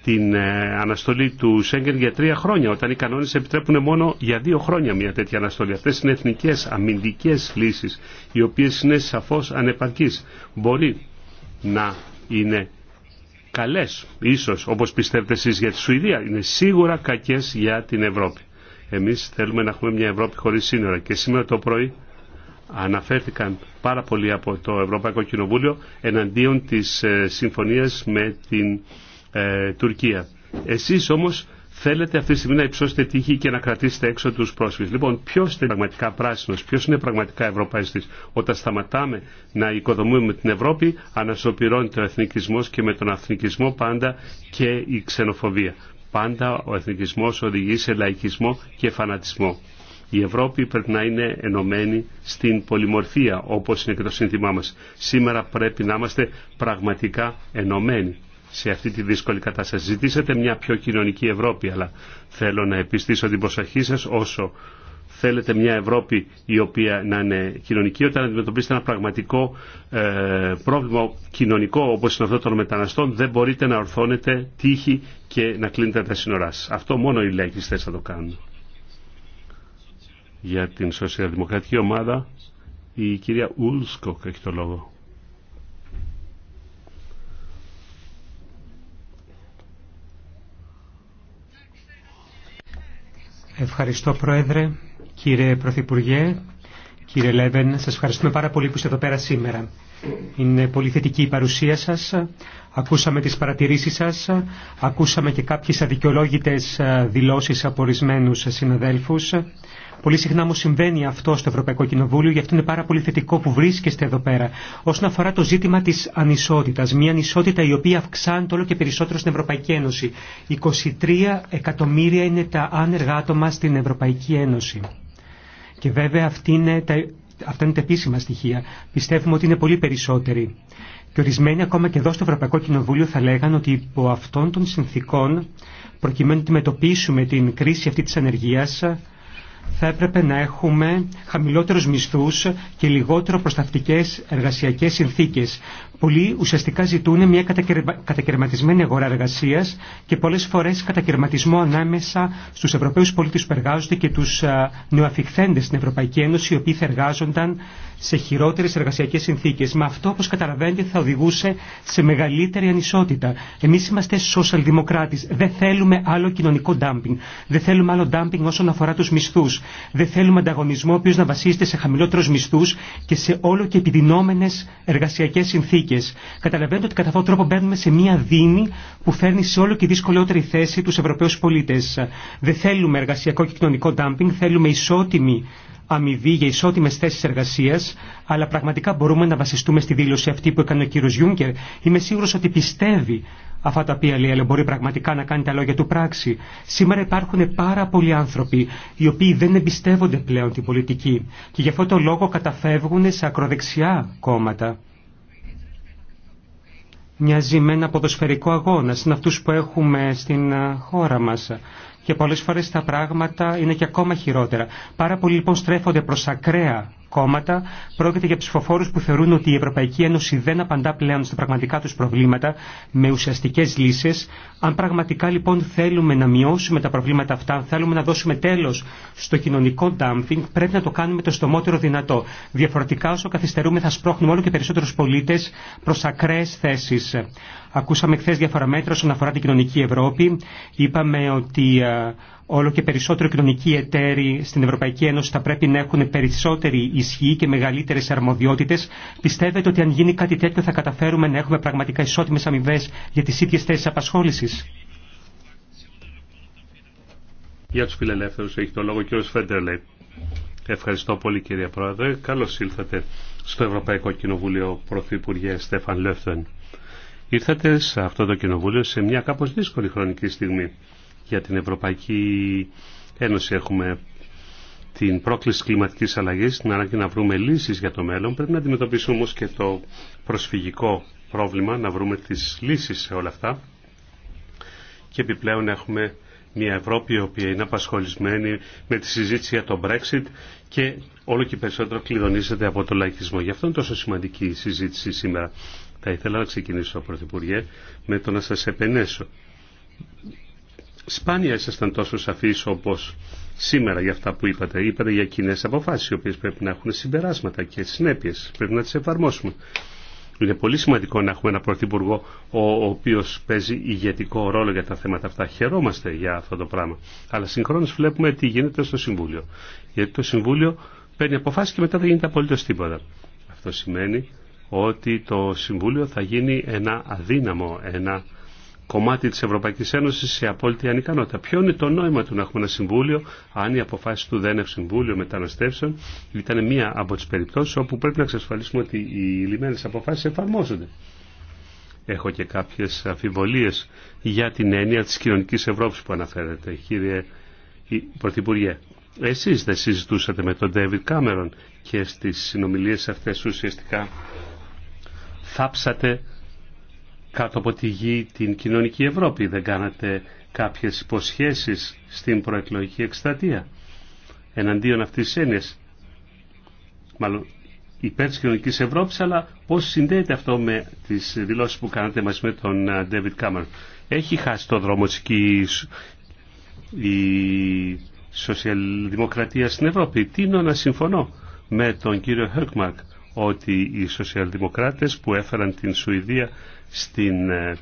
την ε, αναστολή του Σέγγεν για τρία χρόνια, όταν οι κανόνε επιτρέπουν μόνο για δύο χρόνια μια τέτοια αναστολή. Αυτέ είναι εθνικέ αμυντικέ λύσει, οι οποίε είναι σαφώ ανεπαρκεί. Μπορεί να είναι καλές, ίσως όπως πιστεύετε εσείς για τη Σουηδία, είναι σίγουρα κακές για την Ευρώπη. Εμείς θέλουμε να έχουμε μια Ευρώπη χωρίς σύνορα και σήμερα το πρωί αναφέρθηκαν πάρα πολλοί από το Ευρωπαϊκό Κοινοβούλιο εναντίον της ε, συμφωνίας με την ε, Τουρκία. Εσείς όμως Θέλετε αυτή τη στιγμή να υψώσετε τύχη και να κρατήσετε έξω του πρόσφυγε. Λοιπόν, ποιο είναι πραγματικά πράσινο, ποιο είναι πραγματικά ευρωπαϊστή. Όταν σταματάμε να οικοδομούμε την Ευρώπη, ανασωπηρώνεται ο εθνικισμό και με τον αθνικισμό πάντα και η ξενοφοβία. Πάντα ο εθνικισμό οδηγεί σε λαϊκισμό και φανατισμό. Η Ευρώπη πρέπει να είναι ενωμένη στην πολυμορφία, όπως είναι και το σύνθημά μας. Σήμερα πρέπει να είμαστε πραγματικά ενωμένοι σε αυτή τη δύσκολη κατάσταση. Ζητήσατε μια πιο κοινωνική Ευρώπη, αλλά θέλω να επιστήσω την προσοχή σα όσο θέλετε μια Ευρώπη η οποία να είναι κοινωνική, όταν αντιμετωπίσετε ένα πραγματικό ε, πρόβλημα κοινωνικό όπως είναι αυτό των μεταναστών, δεν μπορείτε να ορθώνετε τύχη και να κλείνετε τα σύνορά σα. Αυτό μόνο οι λαϊκιστές θα το κάνουν. Για την σοσιαλδημοκρατική ομάδα η κυρία Ούλσκοκ έχει το λόγο. Ευχαριστώ Πρόεδρε, κύριε Πρωθυπουργέ, κύριε Λέβεν. Σας ευχαριστούμε πάρα πολύ που είστε εδώ πέρα σήμερα. Είναι πολύ θετική η παρουσία σας. Ακούσαμε τις παρατηρήσεις σας. Ακούσαμε και κάποιες αδικαιολόγητες ε, δηλώσεις από ορισμένου συναδέλφους. Πολύ συχνά μου συμβαίνει αυτό στο Ευρωπαϊκό Κοινοβούλιο, γι' αυτό είναι πάρα πολύ θετικό που βρίσκεστε εδώ πέρα. Όσον αφορά το ζήτημα τη ανισότητα, μια ανισότητα η οποία αυξάνεται όλο και περισσότερο στην Ευρωπαϊκή Ένωση. 23 εκατομμύρια είναι τα άνεργα άτομα στην Ευρωπαϊκή Ένωση. Και βέβαια αυτή είναι τα, αυτά είναι τα επίσημα στοιχεία. Πιστεύουμε ότι είναι πολύ περισσότεροι. Και ορισμένοι ακόμα και εδώ στο Ευρωπαϊκό Κοινοβούλιο θα λέγανε ότι υπό αυτών των συνθήκων, προκειμένου να αντιμετωπίσουμε την κρίση αυτή της ανεργίας, θα έπρεπε να έχουμε χαμηλότερους μισθούς και λιγότερο προσταυτικές εργασιακές συνθήκες. Πολλοί ουσιαστικά ζητούν μια κατακαιρματισμένη αγορά εργασία και πολλέ φορέ κατακαιρματισμό ανάμεσα στου Ευρωπαίου πολίτε που εργάζονται και του νεοαφιχθέντε στην Ευρωπαϊκή Ένωση, οι οποίοι θα εργάζονταν σε χειρότερε εργασιακέ συνθήκε. Με αυτό, όπω καταλαβαίνετε, θα οδηγούσε σε μεγαλύτερη ανισότητα. Εμεί είμαστε σοσιαλδημοκράτε. Δεν θέλουμε άλλο κοινωνικό ντάμπινγκ. Δεν θέλουμε άλλο ντάμπινγκ όσον αφορά του μισθού. Δεν θέλουμε ανταγωνισμό ο οποίο να βασίζεται σε χαμηλότερου μισθού και σε όλο και επιδεινόμενε εργασιακέ συνθήκε συνθήκε. Καταλαβαίνετε ότι κατά αυτόν τον τρόπο μπαίνουμε σε μία δίνη που φέρνει σε όλο και δυσκολότερη θέση του Ευρωπαίου πολίτε. Δεν θέλουμε εργασιακό και κοινωνικό ντάμπινγκ, θέλουμε ισότιμη αμοιβή για ισότιμε θέσει εργασία, αλλά πραγματικά μπορούμε να βασιστούμε στη δήλωση αυτή που έκανε ο κύριο Γιούγκερ. Είμαι σίγουρο ότι πιστεύει αυτά τα οποία λέει, αλλά μπορεί πραγματικά να κάνει τα λόγια του πράξη. Σήμερα υπάρχουν πάρα πολλοί άνθρωποι οι οποίοι δεν εμπιστεύονται πλέον την πολιτική και γι' αυτό το λόγο καταφεύγουν σε ακροδεξιά κόμματα μοιάζει με ένα ποδοσφαιρικό αγώνα, σαν αυτούς που έχουμε στην ε, χώρα μας. Και πολλές φορές τα πράγματα είναι και ακόμα χειρότερα. Πάρα πολλοί λοιπόν στρέφονται προς ακραία κόμματα πρόκειται για ψηφοφόρου που θεωρούν ότι η Ευρωπαϊκή Ένωση δεν απαντά πλέον στα πραγματικά του προβλήματα με ουσιαστικέ λύσει. Αν πραγματικά λοιπόν θέλουμε να μειώσουμε τα προβλήματα αυτά, θέλουμε να δώσουμε τέλο στο κοινωνικό dumping, πρέπει να το κάνουμε το στομότερο δυνατό. Διαφορετικά όσο καθυστερούμε θα σπρώχνουμε όλο και περισσότερου πολίτε προ ακραίε θέσεις. Ακούσαμε χθε διάφορα μέτρα όσον αφορά την κοινωνική Ευρώπη. Είπαμε ότι ε, Όλο και περισσότερο κοινωνικοί εταίροι στην Ευρωπαϊκή Ένωση θα πρέπει να έχουν περισσότερη ισχύ και μεγαλύτερες αρμοδιότητες Πιστεύετε ότι αν γίνει κάτι τέτοιο θα καταφέρουμε να έχουμε πραγματικά ισότιμες αμοιβέ για τις ίδιε θέσεις απασχόλησης Για τους φιλελεύθερους έχει το λόγο ο κ. Φέντερλε. Ευχαριστώ πολύ κύριε Πρόεδρε. Καλώς ήλθατε στο Ευρωπαϊκό Κοινοβούλιο, Πρωθυπουργέ Στέφαν Λεύθεν. Ήρθατε σε αυτό το κοινοβούλιο σε μια κάπως δύσκολη χρονική στιγμή για την Ευρωπαϊκή Ένωση έχουμε την πρόκληση κλιματικής αλλαγής, την ανάγκη να βρούμε λύσεις για το μέλλον. Πρέπει να αντιμετωπίσουμε όμως και το προσφυγικό πρόβλημα, να βρούμε τις λύσεις σε όλα αυτά. Και επιπλέον έχουμε μια Ευρώπη η οποία είναι απασχολησμένη με τη συζήτηση για το Brexit και όλο και περισσότερο κλειδονίζεται από το λαϊκισμό. Γι' αυτό είναι τόσο σημαντική η συζήτηση σήμερα. Θα ήθελα να ξεκινήσω, Πρωθυπουργέ, με το να σας επενέσω Σπάνια ήσασταν τόσο σαφείς όπως σήμερα για αυτά που είπατε. Είπατε για κοινέ αποφάσεις, οι οποίες πρέπει να έχουν συμπεράσματα και συνέπειες. Πρέπει να τις εφαρμόσουμε. Είναι πολύ σημαντικό να έχουμε ένα πρωθυπουργό ο οποίος παίζει ηγετικό ρόλο για τα θέματα αυτά. Χαιρόμαστε για αυτό το πράγμα. Αλλά συγχρόνως βλέπουμε τι γίνεται στο Συμβούλιο. Γιατί το Συμβούλιο παίρνει αποφάσεις και μετά δεν γίνεται απολύτως τίποτα. Αυτό σημαίνει ότι το Συμβούλιο θα γίνει ένα αδύναμο, ένα κομμάτι της Ευρωπαϊκής Ένωσης σε απόλυτη ανικανότητα. Ποιο είναι το νόημα του να έχουμε ένα συμβούλιο, αν η αποφάση του δεν συμβούλιο μεταναστεύσεων, ήταν μία από τις περιπτώσεις όπου πρέπει να εξασφαλίσουμε ότι οι λιμένες αποφάσεις εφαρμόζονται. Έχω και κάποιες αφιβολίες για την έννοια της κοινωνικής Ευρώπης που αναφέρετε κύριε Πρωθυπουργέ. Εσείς δεν συζητούσατε με τον Ντέβιτ Κάμερον και στις συνομιλίε αυτές ουσιαστικά θάψατε κάτω από τη γη την κοινωνική Ευρώπη. Δεν κάνατε κάποιες υποσχέσεις στην προεκλογική εκστρατεία εναντίον αυτής της έννοιας. Μάλλον υπέρ της κοινωνικής Ευρώπης, αλλά πώς συνδέεται αυτό με τις δηλώσεις που κάνατε μαζί με τον ε, David Cameron. Έχει χάσει το δρόμο της η σοσιαλδημοκρατία στην Ευρώπη. Τι είναι να συμφωνώ με τον κύριο Χέρκμαρκ ότι οι σοσιαλδημοκράτες που έφεραν την Σουηδία στην ε,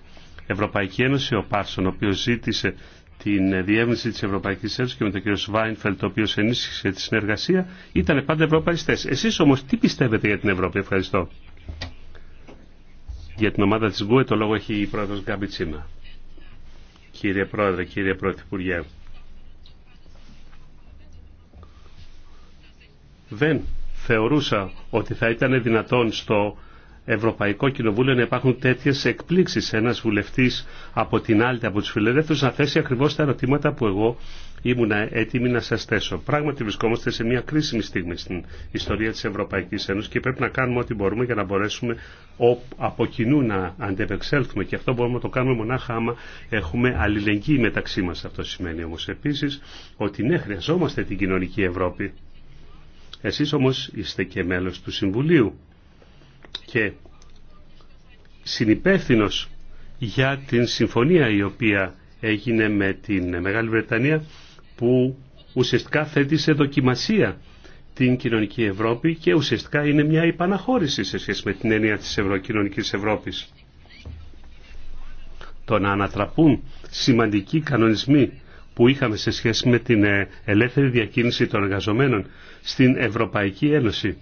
Ευρωπαϊκή Ένωση, ο Πάρσον, ο οποίος ζήτησε την ε, διεύνηση της Ευρωπαϊκής Ένωσης και με τον κύριο Σβάινφελτ, ο οποίος ενίσχυσε τη συνεργασία, ήταν πάντα ευρωπαϊστές. Εσείς όμως τι πιστεύετε για την Ευρώπη. Ευχαριστώ. Για την ομάδα της ΓΚΟΕ το λόγο έχει η πρόεδρος Τσίμα. Κύριε Πρόεδρε, κύριε Πρωθυπουργέ. Δεν θεωρούσα ότι θα ήταν δυνατόν στο Ευρωπαϊκό Κοινοβούλιο να υπάρχουν τέτοιε εκπλήξει. Ένα βουλευτή από την άλλη, από του φιλελεύθερου, να θέσει ακριβώ τα ερωτήματα που εγώ ήμουν έτοιμη να σα θέσω. Πράγματι, βρισκόμαστε σε μια κρίσιμη στιγμή στην ιστορία τη Ευρωπαϊκή Ένωση και πρέπει να κάνουμε ό,τι μπορούμε για να μπορέσουμε από κοινού να αντεπεξέλθουμε. Και αυτό μπορούμε να το κάνουμε μονάχα άμα έχουμε αλληλεγγύη μεταξύ μα. Αυτό σημαίνει όμω επίση ότι ναι, χρειαζόμαστε την κοινωνική Ευρώπη. Εσείς όμως είστε και μέλος του Συμβουλίου και συνυπεύθυνος για την συμφωνία η οποία έγινε με την Μεγάλη Βρετανία που ουσιαστικά θέτει σε δοκιμασία την κοινωνική Ευρώπη και ουσιαστικά είναι μια υπαναχώρηση σε σχέση με την έννοια της ευρωκοινωνικής Ευρώπης. Το να ανατραπούν σημαντικοί κανονισμοί που είχαμε σε σχέση με την ε, ελεύθερη διακίνηση των εργαζομένων στην Ευρωπαϊκή Ένωση.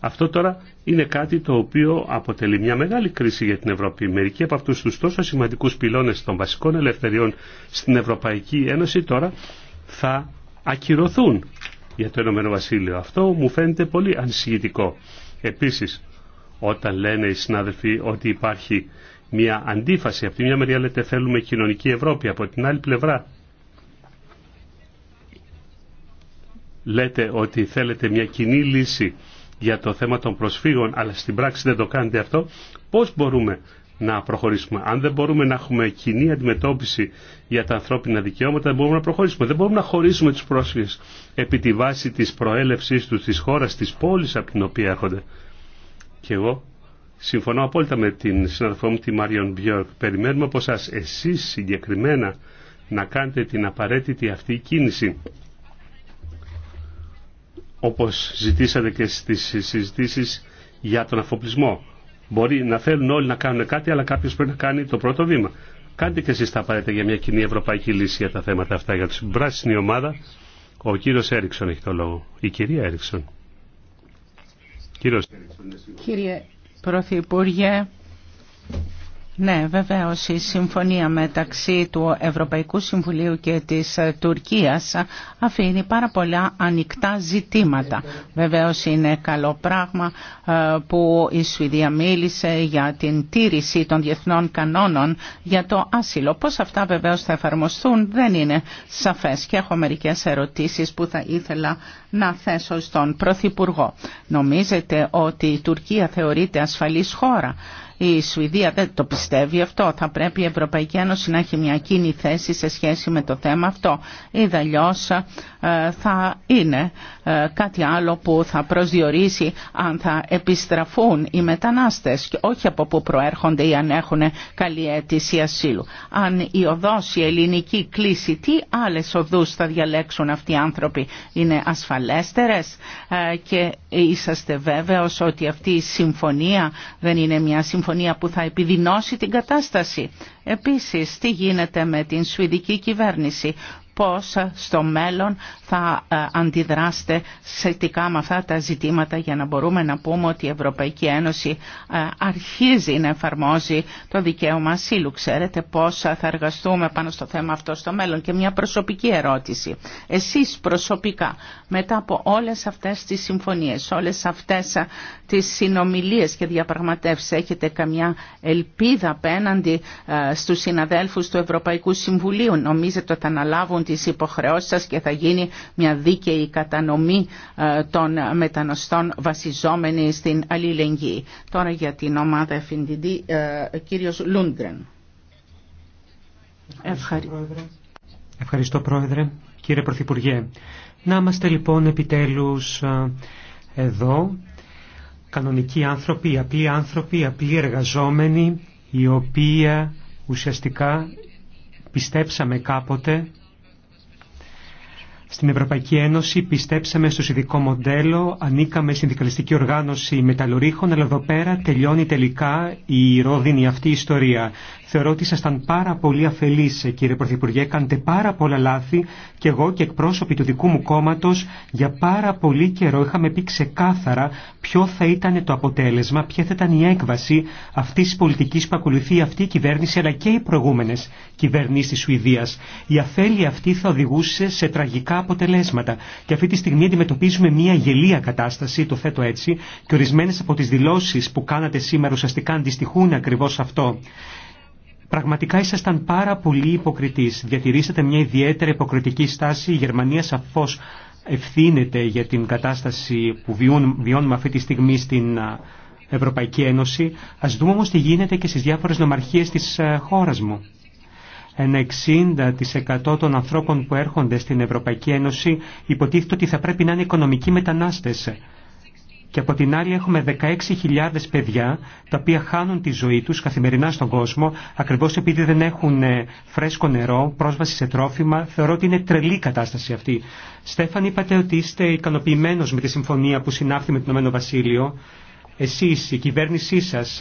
Αυτό τώρα είναι κάτι το οποίο αποτελεί μια μεγάλη κρίση για την Ευρώπη. Μερικοί από αυτούς τους τόσο σημαντικούς πυλώνες των βασικών ελευθεριών στην Ευρωπαϊκή Ένωση τώρα θα ακυρωθούν για το Ηνωμένο Βασίλειο. Αυτό μου φαίνεται πολύ ανησυχητικό. Επίσης, όταν λένε οι συνάδελφοι ότι υπάρχει μια αντίφαση, από τη μια μεριά λέτε θέλουμε κοινωνική Ευρώπη, από την άλλη πλευρά λέτε ότι θέλετε μια κοινή λύση για το θέμα των προσφύγων, αλλά στην πράξη δεν το κάνετε αυτό, πώς μπορούμε να προχωρήσουμε. Αν δεν μπορούμε να έχουμε κοινή αντιμετώπιση για τα ανθρώπινα δικαιώματα, δεν μπορούμε να προχωρήσουμε. Δεν μπορούμε να χωρίσουμε τους πρόσφυγες επί τη βάση της προέλευσής τους, της χώρας, της πόλης από την οποία έρχονται. Και εγώ συμφωνώ απόλυτα με την συναδελφό μου τη Μαριον Μπιόρκ. Περιμένουμε από εσά εσείς συγκεκριμένα να κάνετε την απαραίτητη αυτή κίνηση όπως ζητήσατε και στις συζητήσεις για τον αφοπλισμό. Μπορεί να θέλουν όλοι να κάνουν κάτι, αλλά κάποιο πρέπει να κάνει το πρώτο βήμα. Κάντε και εσεί τα απαραίτητα για μια κοινή ευρωπαϊκή λύση για τα θέματα αυτά. Για την πράσινη ομάδα, ο κύριο Έριξον έχει το λόγο. Η κυρία Έριξον. Κύριος. Κύριε Πρωθυπουργέ, ναι, βεβαίω η συμφωνία μεταξύ του Ευρωπαϊκού Συμβουλίου και της ε, Τουρκίας ε, αφήνει πάρα πολλά ανοιχτά ζητήματα. Βεβαίως είναι καλό πράγμα ε, που η Σουηδία μίλησε για την τήρηση των διεθνών κανόνων για το άσυλο. Πώς αυτά βεβαίως θα εφαρμοστούν δεν είναι σαφές και έχω μερικέ ερωτήσεις που θα ήθελα να θέσω στον Πρωθυπουργό. Νομίζετε ότι η Τουρκία θεωρείται ασφαλή χώρα η Σουηδία δεν το πιστεύει αυτό. Θα πρέπει η Ευρωπαϊκή Ένωση να έχει μια κοινή θέση σε σχέση με το θέμα αυτό. Είδα αλλιώ ε, θα είναι ε, κάτι άλλο που θα προσδιορίσει αν θα επιστραφούν οι μετανάστες και όχι από που προέρχονται ή αν έχουν καλή αίτηση ασύλου. Αν η οδός η ελληνική κλείσει, τι άλλες οδούς θα διαλέξουν αυτοί οι άνθρωποι. Είναι ασφαλέστερες ε, και είσαστε βέβαιος ότι αυτή η συμφωνία δεν είναι μια συμφωνία συμφωνία που θα επιδεινώσει την κατάσταση. Επίσης, τι γίνεται με την Σουηδική κυβέρνηση πώς στο μέλλον θα ε, αντιδράσετε σχετικά με αυτά τα ζητήματα για να μπορούμε να πούμε ότι η Ευρωπαϊκή Ένωση ε, αρχίζει να εφαρμόζει το δικαίωμα ασύλου. Ξέρετε πώς θα εργαστούμε πάνω στο θέμα αυτό στο μέλλον. Και μια προσωπική ερώτηση. Εσείς προσωπικά μετά από όλες αυτές τις συμφωνίες, όλες αυτές ε, τις συνομιλίες και διαπραγματεύσεις έχετε καμιά ελπίδα απέναντι στους συναδέλφους του Ευρωπαϊκού Συμβουλίου. Νομίζετε ότι θα τις υποχρεώσεις και θα γίνει μια δίκαιη κατανομή ε, των μετανοστών βασιζόμενη στην αλληλεγγύη. Τώρα για την ομάδα FNDD, ε, κύριος Λούντγκρεν. Ευχαριστώ, Ευχαριστώ Πρόεδρε. Κύριε Πρωθυπουργέ, να είμαστε λοιπόν επιτέλους ε, εδώ κανονικοί άνθρωποι, απλοί άνθρωποι, απλοί εργαζόμενοι, οι οποίοι ουσιαστικά πιστέψαμε κάποτε στην Ευρωπαϊκή Ένωση πιστέψαμε στο ειδικό μοντέλο, ανήκαμε στην δικαλιστική οργάνωση μεταλλορίχων, αλλά εδώ πέρα τελειώνει τελικά η ρόδινη αυτή ιστορία. Θεωρώ ότι ήσασταν πάρα πολύ αφελεί, κύριε Πρωθυπουργέ. Κάνετε πάρα πολλά λάθη και εγώ και εκπρόσωποι του δικού μου κόμματο για πάρα πολύ καιρό είχαμε πει ξεκάθαρα ποιο θα ήταν το αποτέλεσμα, ποια θα ήταν η έκβαση αυτή τη πολιτική που ακολουθεί αυτή η κυβέρνηση αλλά και οι προηγούμενε κυβερνήσει τη Σουηδία. Η αφέλεια αυτή θα οδηγούσε σε τραγικά αποτελέσματα. Και αυτή τη στιγμή αντιμετωπίζουμε μια γελία κατάσταση, το θέτω έτσι, και ορισμένε από τι δηλώσει που κάνατε σήμερα ουσιαστικά αντιστοιχούν ακριβώ αυτό. Πραγματικά ήσασταν πάρα πολύ υποκριτή. Διατηρήσατε μια ιδιαίτερη υποκριτική στάση. Η Γερμανία σαφώ ευθύνεται για την κατάσταση που βιώνουμε αυτή τη στιγμή στην Ευρωπαϊκή Ένωση. Ας δούμε όμως τι γίνεται και στι διάφορε νομαρχίες τη χώρα μου. Ένα 60% των ανθρώπων που έρχονται στην Ευρωπαϊκή Ένωση υποτίθεται ότι θα πρέπει να είναι οικονομικοί μετανάστες και από την άλλη έχουμε 16.000 παιδιά τα οποία χάνουν τη ζωή τους καθημερινά στον κόσμο ακριβώς επειδή δεν έχουν ε, φρέσκο νερό, πρόσβαση σε τρόφιμα. Θεωρώ ότι είναι τρελή κατάσταση αυτή. Στέφαν είπατε ότι είστε ικανοποιημένος με τη συμφωνία που συνάφθη με τον Ηνωμένο Βασίλειο. Εσείς, η κυβέρνησή σας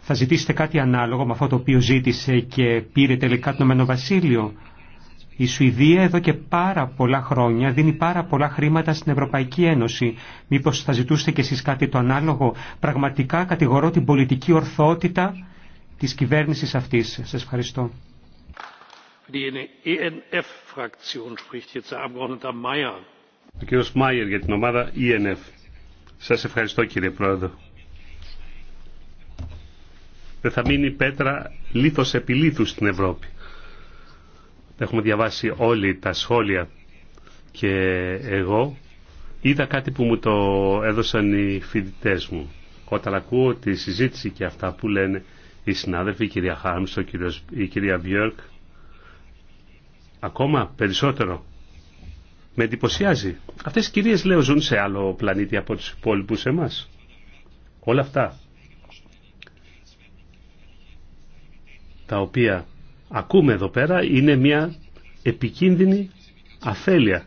θα ζητήσετε κάτι ανάλογο με αυτό το οποίο ζήτησε και πήρε τελικά το Ηνωμένο Βασίλειο. Η Σουηδία εδώ και πάρα πολλά χρόνια δίνει πάρα πολλά χρήματα στην Ευρωπαϊκή Ένωση. Μήπως θα ζητούσετε και εσείς κάτι το ανάλογο. Πραγματικά κατηγορώ την πολιτική ορθότητα της κυβέρνησης αυτής. Σας ευχαριστώ. E Ο κύριος Μάιερ για την ομάδα ENF. Σας ευχαριστώ κύριε Πρόεδρο. Δεν θα μείνει πέτρα λίθος επιλίθου στην Ευρώπη. Έχουμε διαβάσει όλοι τα σχόλια και εγώ είδα κάτι που μου το έδωσαν οι φοιτητέ μου. Όταν ακούω τη συζήτηση και αυτά που λένε οι συνάδελφοι, η κυρία Χάρμς, η κυρία Βιόρκ, ακόμα περισσότερο με εντυπωσιάζει. Αυτές οι κυρίες λέω ζουν σε άλλο πλανήτη από τους υπόλοιπους εμάς. Όλα αυτά τα οποία ακούμε εδώ πέρα είναι μια επικίνδυνη αφέλεια.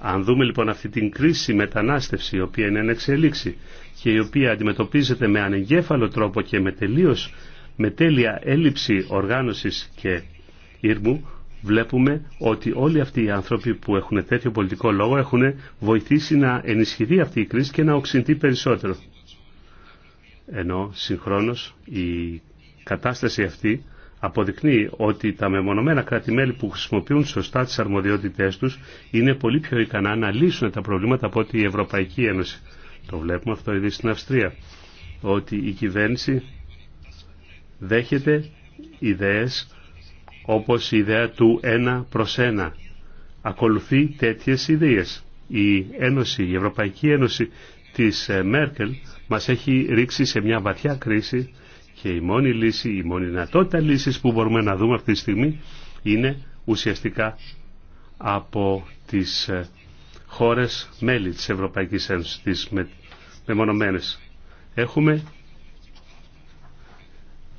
Αν δούμε λοιπόν αυτή την κρίση μετανάστευση η οποία είναι εξελίξη και η οποία αντιμετωπίζεται με ανεγκέφαλο τρόπο και με τελείως με τέλεια έλλειψη οργάνωσης και ήρμου βλέπουμε ότι όλοι αυτοί οι άνθρωποι που έχουν τέτοιο πολιτικό λόγο έχουν βοηθήσει να ενισχυθεί αυτή η κρίση και να οξυνθεί περισσότερο. Ενώ συγχρόνως η κατάσταση αυτή αποδεικνύει ότι τα μεμονωμένα κράτη-μέλη που χρησιμοποιούν σωστά τις αρμοδιότητές τους είναι πολύ πιο ικανά να λύσουν τα προβλήματα από ότι η Ευρωπαϊκή Ένωση. Το βλέπουμε αυτό ήδη στην Αυστρία, ότι η κυβέρνηση δέχεται ιδέες όπως η ιδέα του ένα προς ένα. Ακολουθεί τέτοιες ιδέες. Η Ένωση, η Ευρωπαϊκή Ένωση της ε, Μέρκελ μας έχει ρίξει σε μια βαθιά κρίση και η μόνη λύση, η μόνη δυνατότητα λύση που μπορούμε να δούμε αυτή τη στιγμή είναι ουσιαστικά από τις ε, χώρες μέλη της Ευρωπαϊκής Ένωσης, τις μεμονωμένες. Έχουμε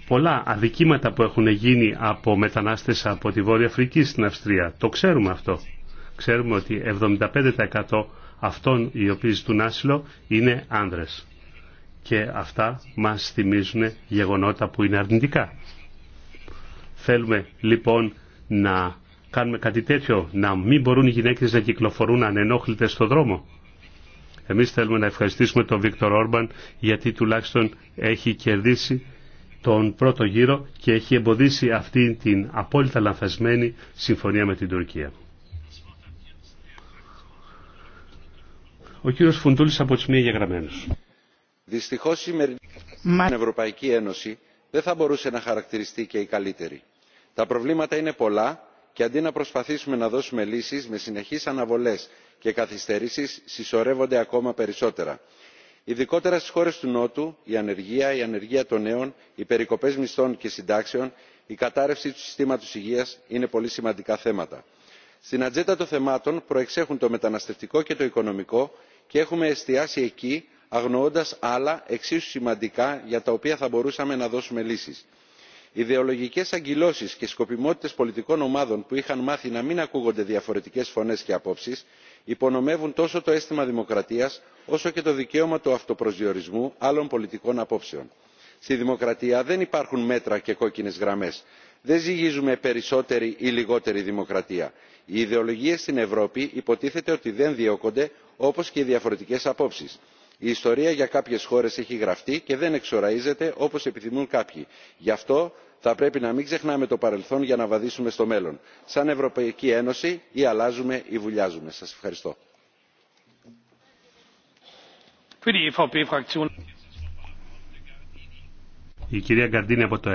πολλά αδικήματα που έχουν γίνει από μετανάστες από τη Βόρεια Αφρική στην Αυστρία. Το ξέρουμε αυτό. Ξέρουμε ότι 75% αυτών οι οποίοι ζητούν άσυλο είναι άνδρες και αυτά μας θυμίζουν γεγονότα που είναι αρνητικά. Θέλουμε λοιπόν να κάνουμε κάτι τέτοιο, να μην μπορούν οι γυναίκες να κυκλοφορούν ανενόχλητες στο δρόμο. Εμείς θέλουμε να ευχαριστήσουμε τον Βίκτορ Όρμπαν γιατί τουλάχιστον έχει κερδίσει τον πρώτο γύρο και έχει εμποδίσει αυτή την απόλυτα λανθασμένη συμφωνία με την Τουρκία. Ο κύριος Φουντούλης από τις μία γεγραμμένους. Δυστυχώ η σημερινή κατάσταση στην ευρωπαϊκή ένωση δεν θα μπορούσε να χαρακτηριστεί και η καλύτερη. τα προβλήματα είναι πολλά και αντί να προσπαθήσουμε να δώσουμε λύσει με συνεχείς αναβολέ και καθυστερήσει, συσσωρεύονται ακόμα περισσότερα. ειδικότερα στι χώρε του νότου η ανεργία η ανεργία των νέων οι περικοπέ μισθών και συντάξεων η κατάρρευση του συστήματο υγεία είναι πολύ σημαντικά θέματα. στην ατζέντα των θεμάτων προεξέχουν το μεταναστευτικό και το οικονομικό και έχουμε εστιάσει εκεί αγνοώντας άλλα εξίσου σημαντικά για τα οποία θα μπορούσαμε να δώσουμε λύσεις. ιδεολογικές αγκυλώσεις και σκοπιμότητες πολιτικών ομάδων που είχαν μάθει να μην ακούγονται διαφορετικές φωνές και απόψεις υπονομεύουν τόσο το αίσθημα δημοκρατίας όσο και το δικαίωμα του αυτοπροσδιορισμού άλλων πολιτικών απόψεων. στη δημοκρατία δεν υπάρχουν μέτρα και κόκκινες γραμμές. δεν ζυγίζουμε περισσότερη ή λιγότερη δημοκρατία. οι ιδεολογίε στην ευρώπη υποτίθεται ότι δεν διώκονται όπως και οι διαφορετικές απόψεις η ιστορία για κάποιες χώρες έχει γραφτεί και δεν εξοραίζεται όπως επιθυμούν κάποιοι. γι' αυτό θα πρέπει να μην ξεχνάμε το παρελθόν για να βαδίσουμε στο μέλλον. σαν ευρωπαϊκή ένωση ή αλλάζουμε ή βουλιάζουμε. σας ευχαριστώ. Η κυρία Γκαρντίνη απο το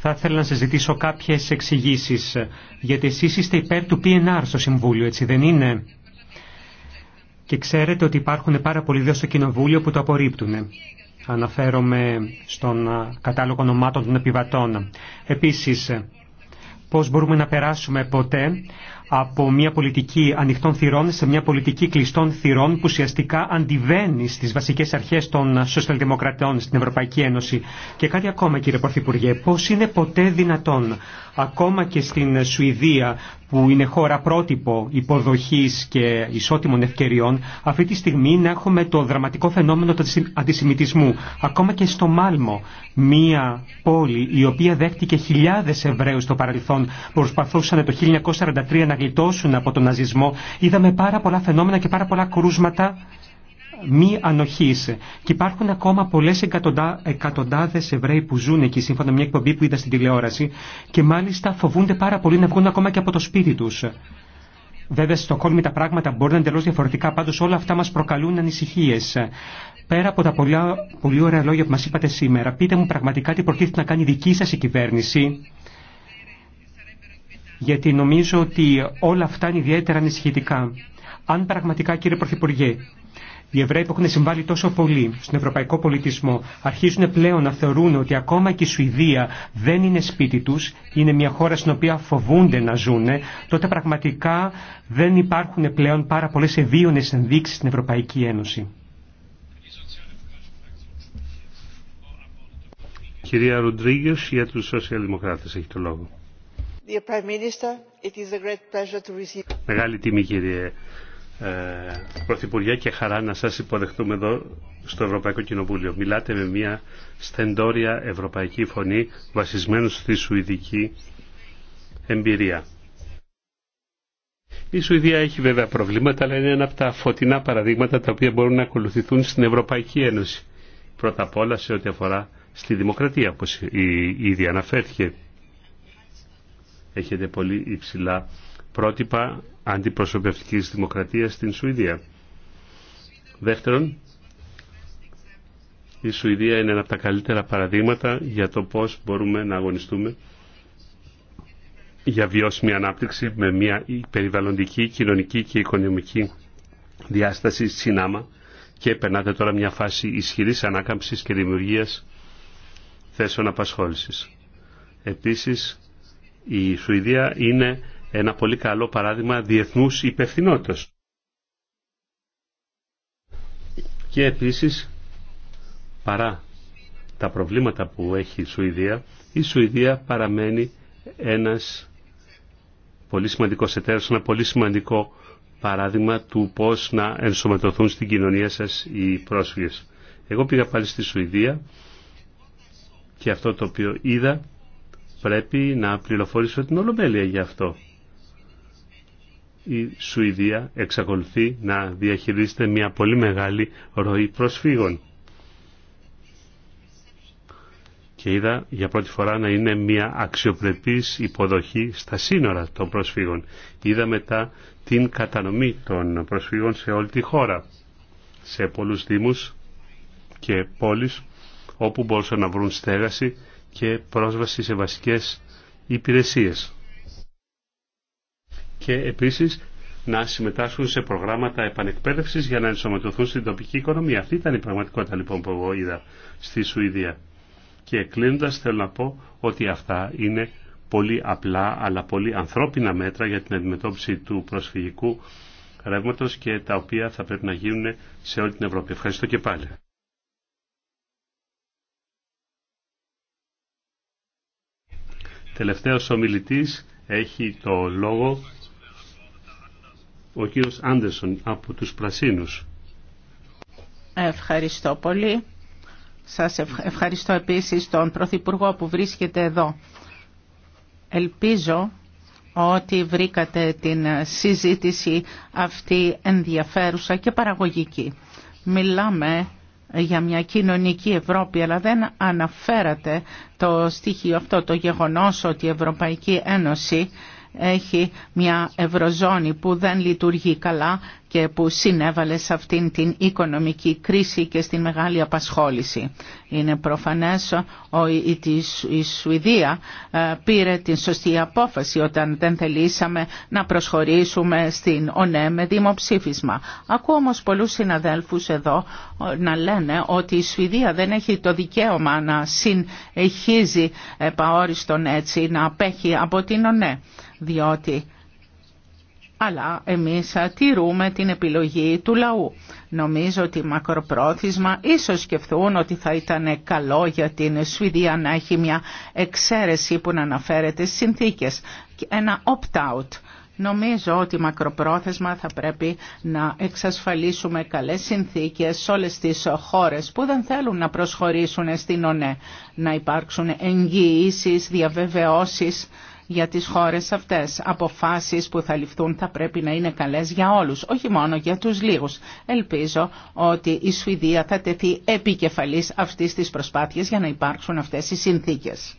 θα ήθελα να συζητήσω ζητήσω κάποιες εξηγήσει, γιατί εσείς είστε υπέρ του PNR στο Συμβούλιο, έτσι δεν είναι. Και ξέρετε ότι υπάρχουν πάρα πολλοί δύο στο Κοινοβούλιο που το απορρίπτουν. Αναφέρομαι στον κατάλογο ονομάτων των επιβατών. Επίσης, πώς μπορούμε να περάσουμε ποτέ από μια πολιτική ανοιχτών θυρών σε μια πολιτική κλειστών θυρών που ουσιαστικά αντιβαίνει στις βασικές αρχές των σοσιαλδημοκρατών στην Ευρωπαϊκή Ένωση. Και κάτι ακόμα κύριε Πρωθυπουργέ, πώς είναι ποτέ δυνατόν ακόμα και στην Σουηδία που είναι χώρα πρότυπο υποδοχής και ισότιμων ευκαιριών αυτή τη στιγμή να έχουμε το δραματικό φαινόμενο του αντισημιτισμού. Ακόμα και στο Μάλμο, μία πόλη η οποία δέχτηκε χιλιάδες Εβραίου στο παρελθόν προσπαθούσαν το 1943 να γλιτώσουν από τον ναζισμό, είδαμε πάρα πολλά φαινόμενα και πάρα πολλά κρούσματα μη ανοχή. Και υπάρχουν ακόμα πολλέ εκατοντά, εκατοντάδε Εβραίοι που ζουν εκεί, σύμφωνα με μια εκπομπή που είδα στην τηλεόραση, και μάλιστα φοβούνται πάρα πολύ να βγουν ακόμα και από το σπίτι του. Βέβαια, στο κόλμη τα πράγματα μπορεί να είναι εντελώ διαφορετικά, πάντω όλα αυτά μα προκαλούν ανησυχίε. Πέρα από τα πολλά, πολύ ωραία λόγια που μα είπατε σήμερα, πείτε μου πραγματικά τι προκύπτει να κάνει η δική σα η κυβέρνηση γιατί νομίζω ότι όλα αυτά είναι ιδιαίτερα ανησυχητικά. Αν πραγματικά, κύριε Πρωθυπουργέ, οι Εβραίοι που έχουν συμβάλει τόσο πολύ στον ευρωπαϊκό πολιτισμό αρχίζουν πλέον να θεωρούν ότι ακόμα και η Σουηδία δεν είναι σπίτι τους, είναι μια χώρα στην οποία φοβούνται να ζούνε, τότε πραγματικά δεν υπάρχουν πλέον πάρα πολλές ευίωνες ενδείξεις στην Ευρωπαϊκή Ένωση. Κυρία Ροντρίγιος, για τους σοσιαλδημοκράτες έχει το λόγο. Μεγάλη τιμή κύριε ε, Πρωθυπουργέ και χαρά να σας υποδεχτούμε εδώ στο Ευρωπαϊκό Κοινοβούλιο. Μιλάτε με μια στεντόρια ευρωπαϊκή φωνή βασισμένη στη σουηδική εμπειρία. Η Σουηδία έχει βέβαια προβλήματα, αλλά είναι ένα από τα φωτεινά παραδείγματα τα οποία μπορούν να ακολουθηθούν στην Ευρωπαϊκή Ένωση. Πρώτα απ' όλα σε ό,τι αφορά στη δημοκρατία, όπως ήδη αναφέρθηκε έχετε πολύ υψηλά πρότυπα αντιπροσωπευτικής δημοκρατίας στην Σουηδία. Δεύτερον, η Σουηδία είναι ένα από τα καλύτερα παραδείγματα για το πώς μπορούμε να αγωνιστούμε για βιώσιμη ανάπτυξη με μια περιβαλλοντική, κοινωνική και οικονομική διάσταση συνάμα και περνάτε τώρα μια φάση ισχυρής ανάκαμψης και δημιουργίας θέσεων απασχόλησης. Επίσης, η Σουηδία είναι ένα πολύ καλό παράδειγμα διεθνούς υπευθυνότητας. Και επίσης, παρά τα προβλήματα που έχει η Σουηδία, η Σουηδία παραμένει ένας πολύ σημαντικός εταίρος, ένα πολύ σημαντικό παράδειγμα του πώς να ενσωματωθούν στην κοινωνία σας οι πρόσφυγες. Εγώ πήγα πάλι στη Σουηδία και αυτό το οποίο είδα πρέπει να πληροφορήσω την Ολομέλεια για αυτό. Η Σουηδία εξακολουθεί να διαχειρίζεται μια πολύ μεγάλη ροή προσφύγων. Και είδα για πρώτη φορά να είναι μια αξιοπρεπής υποδοχή στα σύνορα των προσφύγων. Είδα μετά την κατανομή των προσφύγων σε όλη τη χώρα. Σε πολλούς δήμους και πόλεις όπου μπορούσαν να βρουν στέγαση και πρόσβαση σε βασικές υπηρεσίες. Και επίσης να συμμετάσχουν σε προγράμματα επανεκπαίδευσης για να ενσωματωθούν στην τοπική οικονομία. Αυτή ήταν η πραγματικότητα λοιπόν που εγώ είδα στη Σουηδία. Και κλείνοντας θέλω να πω ότι αυτά είναι πολύ απλά αλλά πολύ ανθρώπινα μέτρα για την αντιμετώπιση του προσφυγικού ρεύματος και τα οποία θα πρέπει να γίνουν σε όλη την Ευρώπη. Ευχαριστώ και πάλι. Τελευταίος ομιλητής έχει το λόγο ο κύριος Άντερσον από τους Πρασίνους. Ευχαριστώ πολύ. Σας ευχαριστώ επίσης τον Πρωθυπουργό που βρίσκεται εδώ. Ελπίζω ότι βρήκατε την συζήτηση αυτή ενδιαφέρουσα και παραγωγική. Μιλάμε για μια κοινωνική Ευρώπη, αλλά δεν αναφέρατε το στοιχείο αυτό, το γεγονός ότι η Ευρωπαϊκή Ένωση έχει μια ευρωζώνη που δεν λειτουργεί καλά και που συνέβαλε σε αυτήν την οικονομική κρίση και στην μεγάλη απασχόληση. Είναι προφανές ότι η Σουηδία ε, πήρε την σωστή απόφαση όταν δεν θελήσαμε να προσχωρήσουμε στην ΟΝΕ με δημοψήφισμα. Ακούω όμως πολλούς συναδέλφους εδώ ε, να λένε ότι η Σουηδία δεν έχει το δικαίωμα να συνεχίζει επαόριστον έτσι να απέχει από την ΟΝΕ διότι αλλά εμείς τηρούμε την επιλογή του λαού. Νομίζω ότι μακροπρόθεσμα ίσως σκεφτούν ότι θα ήταν καλό για την Σουηδία να έχει μια εξαίρεση που να αναφέρεται στις συνθήκες, ένα opt-out. Νομίζω ότι μακροπρόθεσμα θα πρέπει να εξασφαλίσουμε καλές συνθήκες σε όλες τις χώρες που δεν θέλουν να προσχωρήσουν στην ΟΝΕ, να υπάρξουν εγγυήσεις, διαβεβαιώσεις για τις χώρες αυτές. Αποφάσεις που θα ληφθούν θα πρέπει να είναι καλές για όλους, όχι μόνο για τους λίγους. Ελπίζω ότι η Σουηδία θα τεθεί επικεφαλής αυτής της προσπάθειας για να υπάρξουν αυτές οι συνθήκες.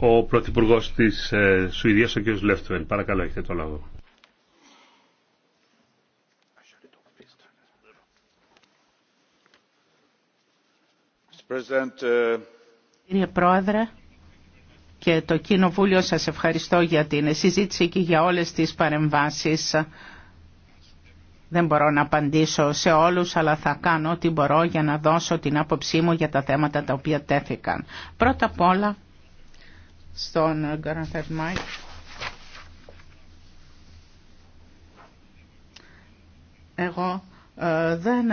Ο Πρωθυπουργό τη ε, Σουηδίας, ο κ. Λεύτουεν. Παρακαλώ, έχετε το λόγο. Ε, Κύριε Πρόεδρε, και το Κοινοβούλιο. Σας ευχαριστώ για την συζήτηση και για όλες τις παρεμβάσεις. Δεν μπορώ να απαντήσω σε όλους, αλλά θα κάνω ό,τι μπορώ για να δώσω την άποψή μου για τα θέματα τα οποία τέθηκαν. Πρώτα απ' όλα, στον Γκαρανθερ Μάικ, εγώ ε, δεν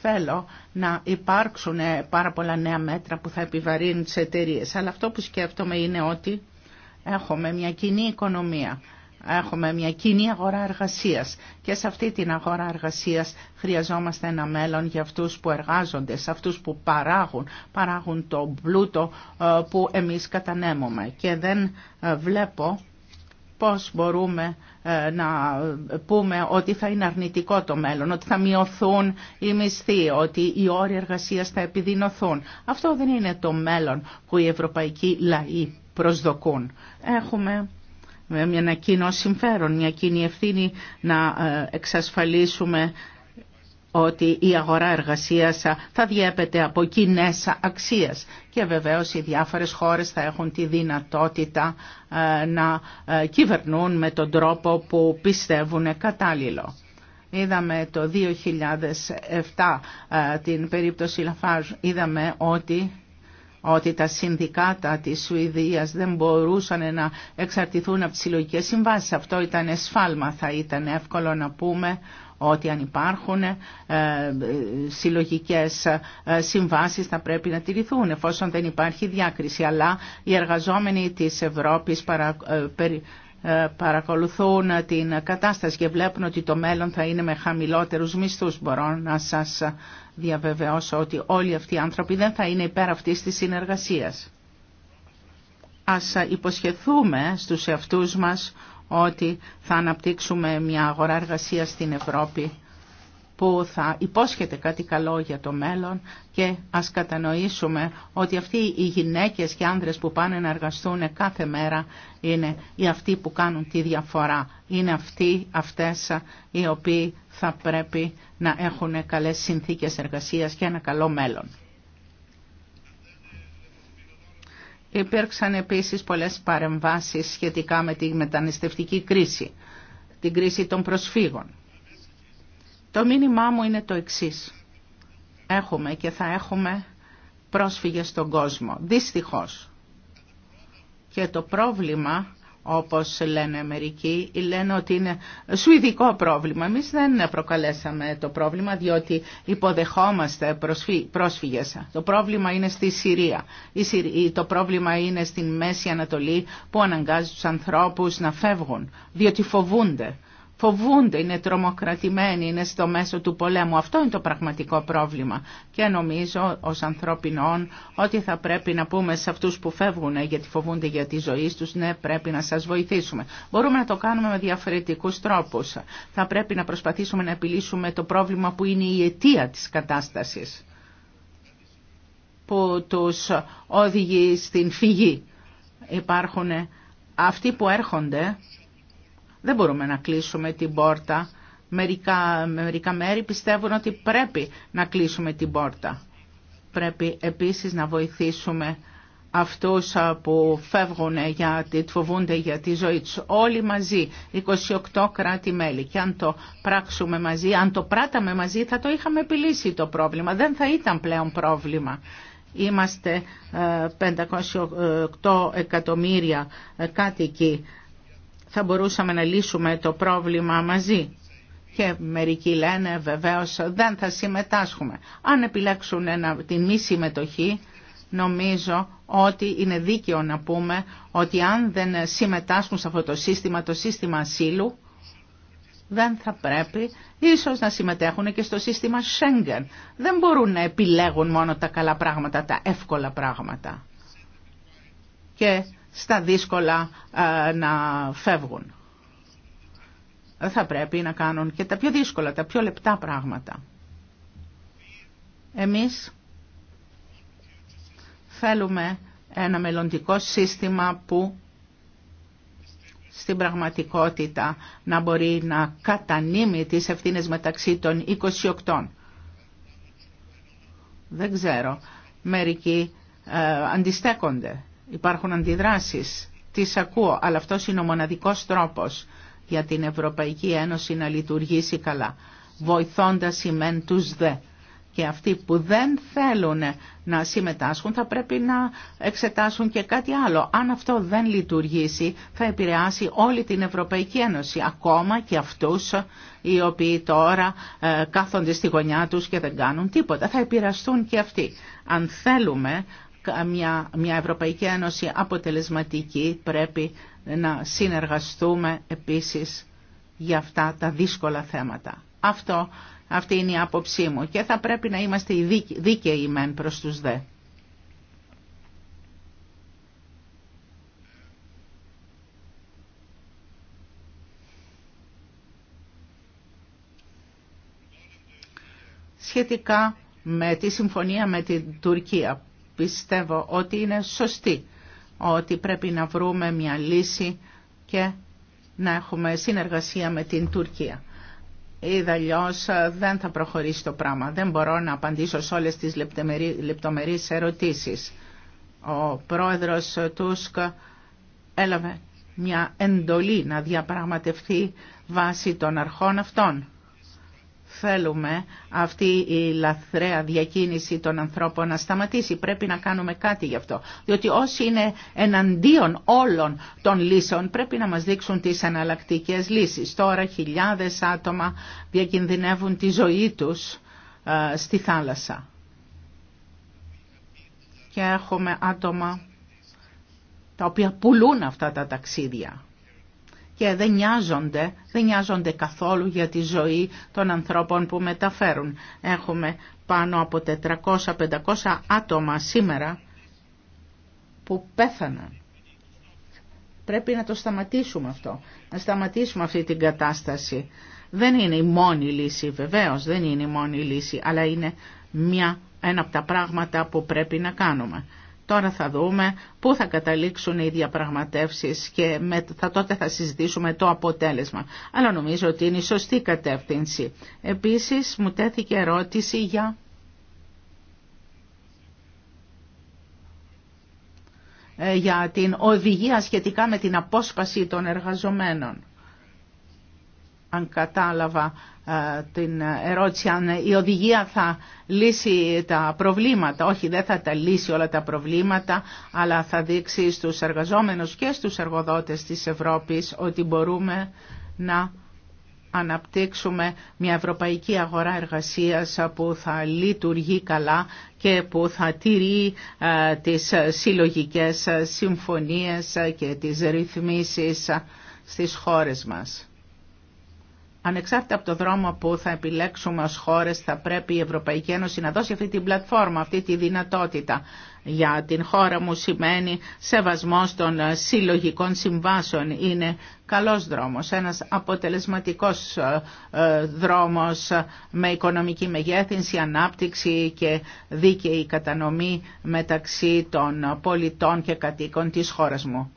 θέλω να υπάρξουν πάρα πολλά νέα μέτρα που θα επιβαρύνουν τις εταιρείε. Αλλά αυτό που σκέφτομαι είναι ότι έχουμε μια κοινή οικονομία. Έχουμε μια κοινή αγορά εργασίας και σε αυτή την αγορά εργασίας χρειαζόμαστε ένα μέλλον για αυτούς που εργάζονται, σε αυτούς που παράγουν, παράγουν το πλούτο ε, που εμείς κατανέμουμε. Και δεν ε, βλέπω πώς μπορούμε ε, να πούμε ότι θα είναι αρνητικό το μέλλον, ότι θα μειωθούν οι μισθοί, ότι οι όροι εργασίας θα επιδεινωθούν. Αυτό δεν είναι το μέλλον που οι ευρωπαϊκοί λαοί προσδοκούν. Έχουμε με μια κοινό συμφέρον, μια κοινή ευθύνη να ε, εξασφαλίσουμε ότι η αγορά εργασίας θα διέπεται από κοινέ αξίες και βεβαίως οι διάφορες χώρες θα έχουν τη δυνατότητα ε, να ε, κυβερνούν με τον τρόπο που πιστεύουν κατάλληλο. Είδαμε το 2007 ε, την περίπτωση Λαφάζ, είδαμε ότι ότι τα συνδικάτα της Σουηδίας δεν μπορούσαν να εξαρτηθούν από τις συλλογικέ συμβάσεις. Αυτό ήταν εσφάλμα, θα ήταν εύκολο να πούμε ότι αν υπάρχουν ε, ε, συλλογικές ε, συμβάσεις θα πρέπει να τηρηθούν εφόσον δεν υπάρχει διάκριση. Αλλά οι εργαζόμενοι της Ευρώπης παρακολουθούν την κατάσταση και βλέπουν ότι το μέλλον θα είναι με χαμηλότερους μισθούς. Μπορώ να σας διαβεβαιώσω ότι όλοι αυτοί οι άνθρωποι δεν θα είναι υπέρ αυτής της συνεργασίας. Ας υποσχεθούμε στους εαυτούς μας ότι θα αναπτύξουμε μια αγορά εργασίας στην Ευρώπη που θα υπόσχεται κάτι καλό για το μέλλον και ας κατανοήσουμε ότι αυτοί οι γυναίκες και άνδρες που πάνε να εργαστούν κάθε μέρα είναι οι αυτοί που κάνουν τη διαφορά. Είναι αυτοί, αυτές οι οποίοι θα πρέπει να έχουν καλές συνθήκες εργασίας και ένα καλό μέλλον. Υπήρξαν επίσης πολλές παρεμβάσεις σχετικά με τη μεταναστευτική κρίση, την κρίση των προσφύγων. Το μήνυμά μου είναι το εξής. Έχουμε και θα έχουμε πρόσφυγες στον κόσμο, δυστυχώς. Και το πρόβλημα όπως λένε μερικοί, λένε ότι είναι σουηδικό πρόβλημα. Εμείς δεν προκαλέσαμε το πρόβλημα διότι υποδεχόμαστε πρόσφυγες. Το πρόβλημα είναι στη Συρία. Το πρόβλημα είναι στην Μέση Ανατολή που αναγκάζει τους ανθρώπους να φεύγουν διότι φοβούνται φοβούνται, είναι τρομοκρατημένοι, είναι στο μέσο του πολέμου. Αυτό είναι το πραγματικό πρόβλημα. Και νομίζω ως ανθρώπινων ότι θα πρέπει να πούμε σε αυτούς που φεύγουν ε, γιατί φοβούνται για τη ζωή τους, ναι πρέπει να σας βοηθήσουμε. Μπορούμε να το κάνουμε με διαφορετικούς τρόπους. Θα πρέπει να προσπαθήσουμε να επιλύσουμε το πρόβλημα που είναι η αιτία της κατάστασης που τους οδηγεί στην φυγή. Υπάρχουν αυτοί που έρχονται δεν μπορούμε να κλείσουμε την πόρτα. Μερικά, μέρη πιστεύουν ότι πρέπει να κλείσουμε την πόρτα. Πρέπει επίσης να βοηθήσουμε αυτούς που φεύγουν γιατί φοβούνται για τη ζωή τους. Όλοι μαζί, 28 κράτη-μέλη. Και αν το πράξουμε μαζί, αν το πράταμε μαζί θα το είχαμε επιλύσει το πρόβλημα. Δεν θα ήταν πλέον πρόβλημα. Είμαστε 508 ε, εκατομμύρια κάτοικοι θα μπορούσαμε να λύσουμε το πρόβλημα μαζί. Και μερικοί λένε βεβαίως δεν θα συμμετάσχουμε. Αν επιλέξουν ένα, τη μη συμμετοχή νομίζω ότι είναι δίκαιο να πούμε ότι αν δεν συμμετάσχουν σε αυτό το σύστημα, το σύστημα ασύλου, δεν θα πρέπει ίσως να συμμετέχουν και στο σύστημα Schengen. Δεν μπορούν να επιλέγουν μόνο τα καλά πράγματα, τα εύκολα πράγματα. Και στα δύσκολα ε, να φεύγουν. Θα πρέπει να κάνουν και τα πιο δύσκολα, τα πιο λεπτά πράγματα. Εμείς θέλουμε ένα μελλοντικό σύστημα που στην πραγματικότητα να μπορεί να κατανείμει τις ευθύνες μεταξύ των 28. Δεν ξέρω. Μερικοί ε, αντιστέκονται Υπάρχουν αντιδράσεις. Τις ακούω, αλλά αυτό είναι ο μοναδικός τρόπος για την Ευρωπαϊκή Ένωση να λειτουργήσει καλά, βοηθώντας οι μεν τους δε. Και αυτοί που δεν θέλουν να συμμετάσχουν θα πρέπει να εξετάσουν και κάτι άλλο. Αν αυτό δεν λειτουργήσει θα επηρεάσει όλη την Ευρωπαϊκή Ένωση, ακόμα και αυτούς οι οποίοι τώρα ε, κάθονται στη γωνιά τους και δεν κάνουν τίποτα. Θα επηρεαστούν και αυτοί. Αν θέλουμε μια, μια Ευρωπαϊκή Ένωση αποτελεσματική πρέπει να συνεργαστούμε επίσης για αυτά τα δύσκολα θέματα. Αυτό, αυτή είναι η άποψή μου και θα πρέπει να είμαστε δίκαιοι μεν προς τους δε. Σχετικά με τη συμφωνία με την Τουρκία πιστεύω ότι είναι σωστή, ότι πρέπει να βρούμε μια λύση και να έχουμε συνεργασία με την Τουρκία. Ή αλλιώ ε, δεν θα προχωρήσει το πράγμα. Δεν μπορώ να απαντήσω σε όλες τις λεπτομερείς ερωτήσεις. Ο πρόεδρος Τούσκ έλαβε μια εντολή να διαπραγματευτεί βάσει των αρχών αυτών θέλουμε αυτή η λαθρέα διακίνηση των ανθρώπων να σταματήσει. Πρέπει να κάνουμε κάτι γι' αυτό. Διότι όσοι είναι εναντίον όλων των λύσεων πρέπει να μας δείξουν τις αναλλακτικέ λύσεις. Τώρα χιλιάδες άτομα διακινδυνεύουν τη ζωή τους ε, στη θάλασσα. Και έχουμε άτομα τα οποία πουλούν αυτά τα ταξίδια και δεν νοιάζονται, δεν νοιάζονται καθόλου για τη ζωή των ανθρώπων που μεταφέρουν. Έχουμε πάνω από 400-500 άτομα σήμερα που πέθαναν. Πρέπει να το σταματήσουμε αυτό, να σταματήσουμε αυτή την κατάσταση. Δεν είναι η μόνη λύση, βεβαίως δεν είναι η μόνη λύση, αλλά είναι μια, ένα από τα πράγματα που πρέπει να κάνουμε. Τώρα θα δούμε πού θα καταλήξουν οι διαπραγματεύσεις και με, θα, τότε θα συζητήσουμε το αποτέλεσμα. Αλλά νομίζω ότι είναι η σωστή κατεύθυνση. Επίσης μου τέθηκε ερώτηση για... Ε, για την οδηγία σχετικά με την απόσπαση των εργαζομένων αν κατάλαβα ε, την ερώτηση αν η οδηγία θα λύσει τα προβλήματα. Όχι, δεν θα τα λύσει όλα τα προβλήματα, αλλά θα δείξει στους εργαζόμενους και στους εργοδότες της Ευρώπης ότι μπορούμε να αναπτύξουμε μια ευρωπαϊκή αγορά εργασίας που θα λειτουργεί καλά και που θα τηρεί ε, τις συλλογικές συμφωνίες και τις ρυθμίσεις στις χώρες μας. Ανεξάρτητα από το δρόμο που θα επιλέξουμε ως χώρες θα πρέπει η Ευρωπαϊκή Ένωση να δώσει αυτή την πλατφόρμα, αυτή τη δυνατότητα. Για την χώρα μου σημαίνει σεβασμός των συλλογικών συμβάσεων. Είναι καλός δρόμος, ένας αποτελεσματικός ε, ε, δρόμος με οικονομική μεγέθυνση, ανάπτυξη και δίκαιη κατανομή μεταξύ των πολιτών και κατοίκων της χώρας μου.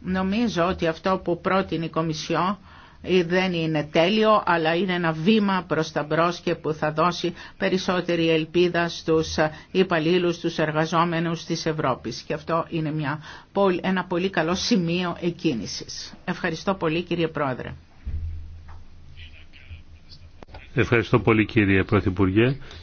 Νομίζω ότι αυτό που πρότεινε η Κομισιό δεν είναι τέλειο, αλλά είναι ένα βήμα προς τα μπρος και που θα δώσει περισσότερη ελπίδα στους υπαλλήλους, στους εργαζόμενους της Ευρώπης. Και αυτό είναι μια, ένα πολύ καλό σημείο εκκίνησης. Ευχαριστώ πολύ κύριε Πρόεδρε. Ευχαριστώ πολύ κύριε Πρωθυπουργέ.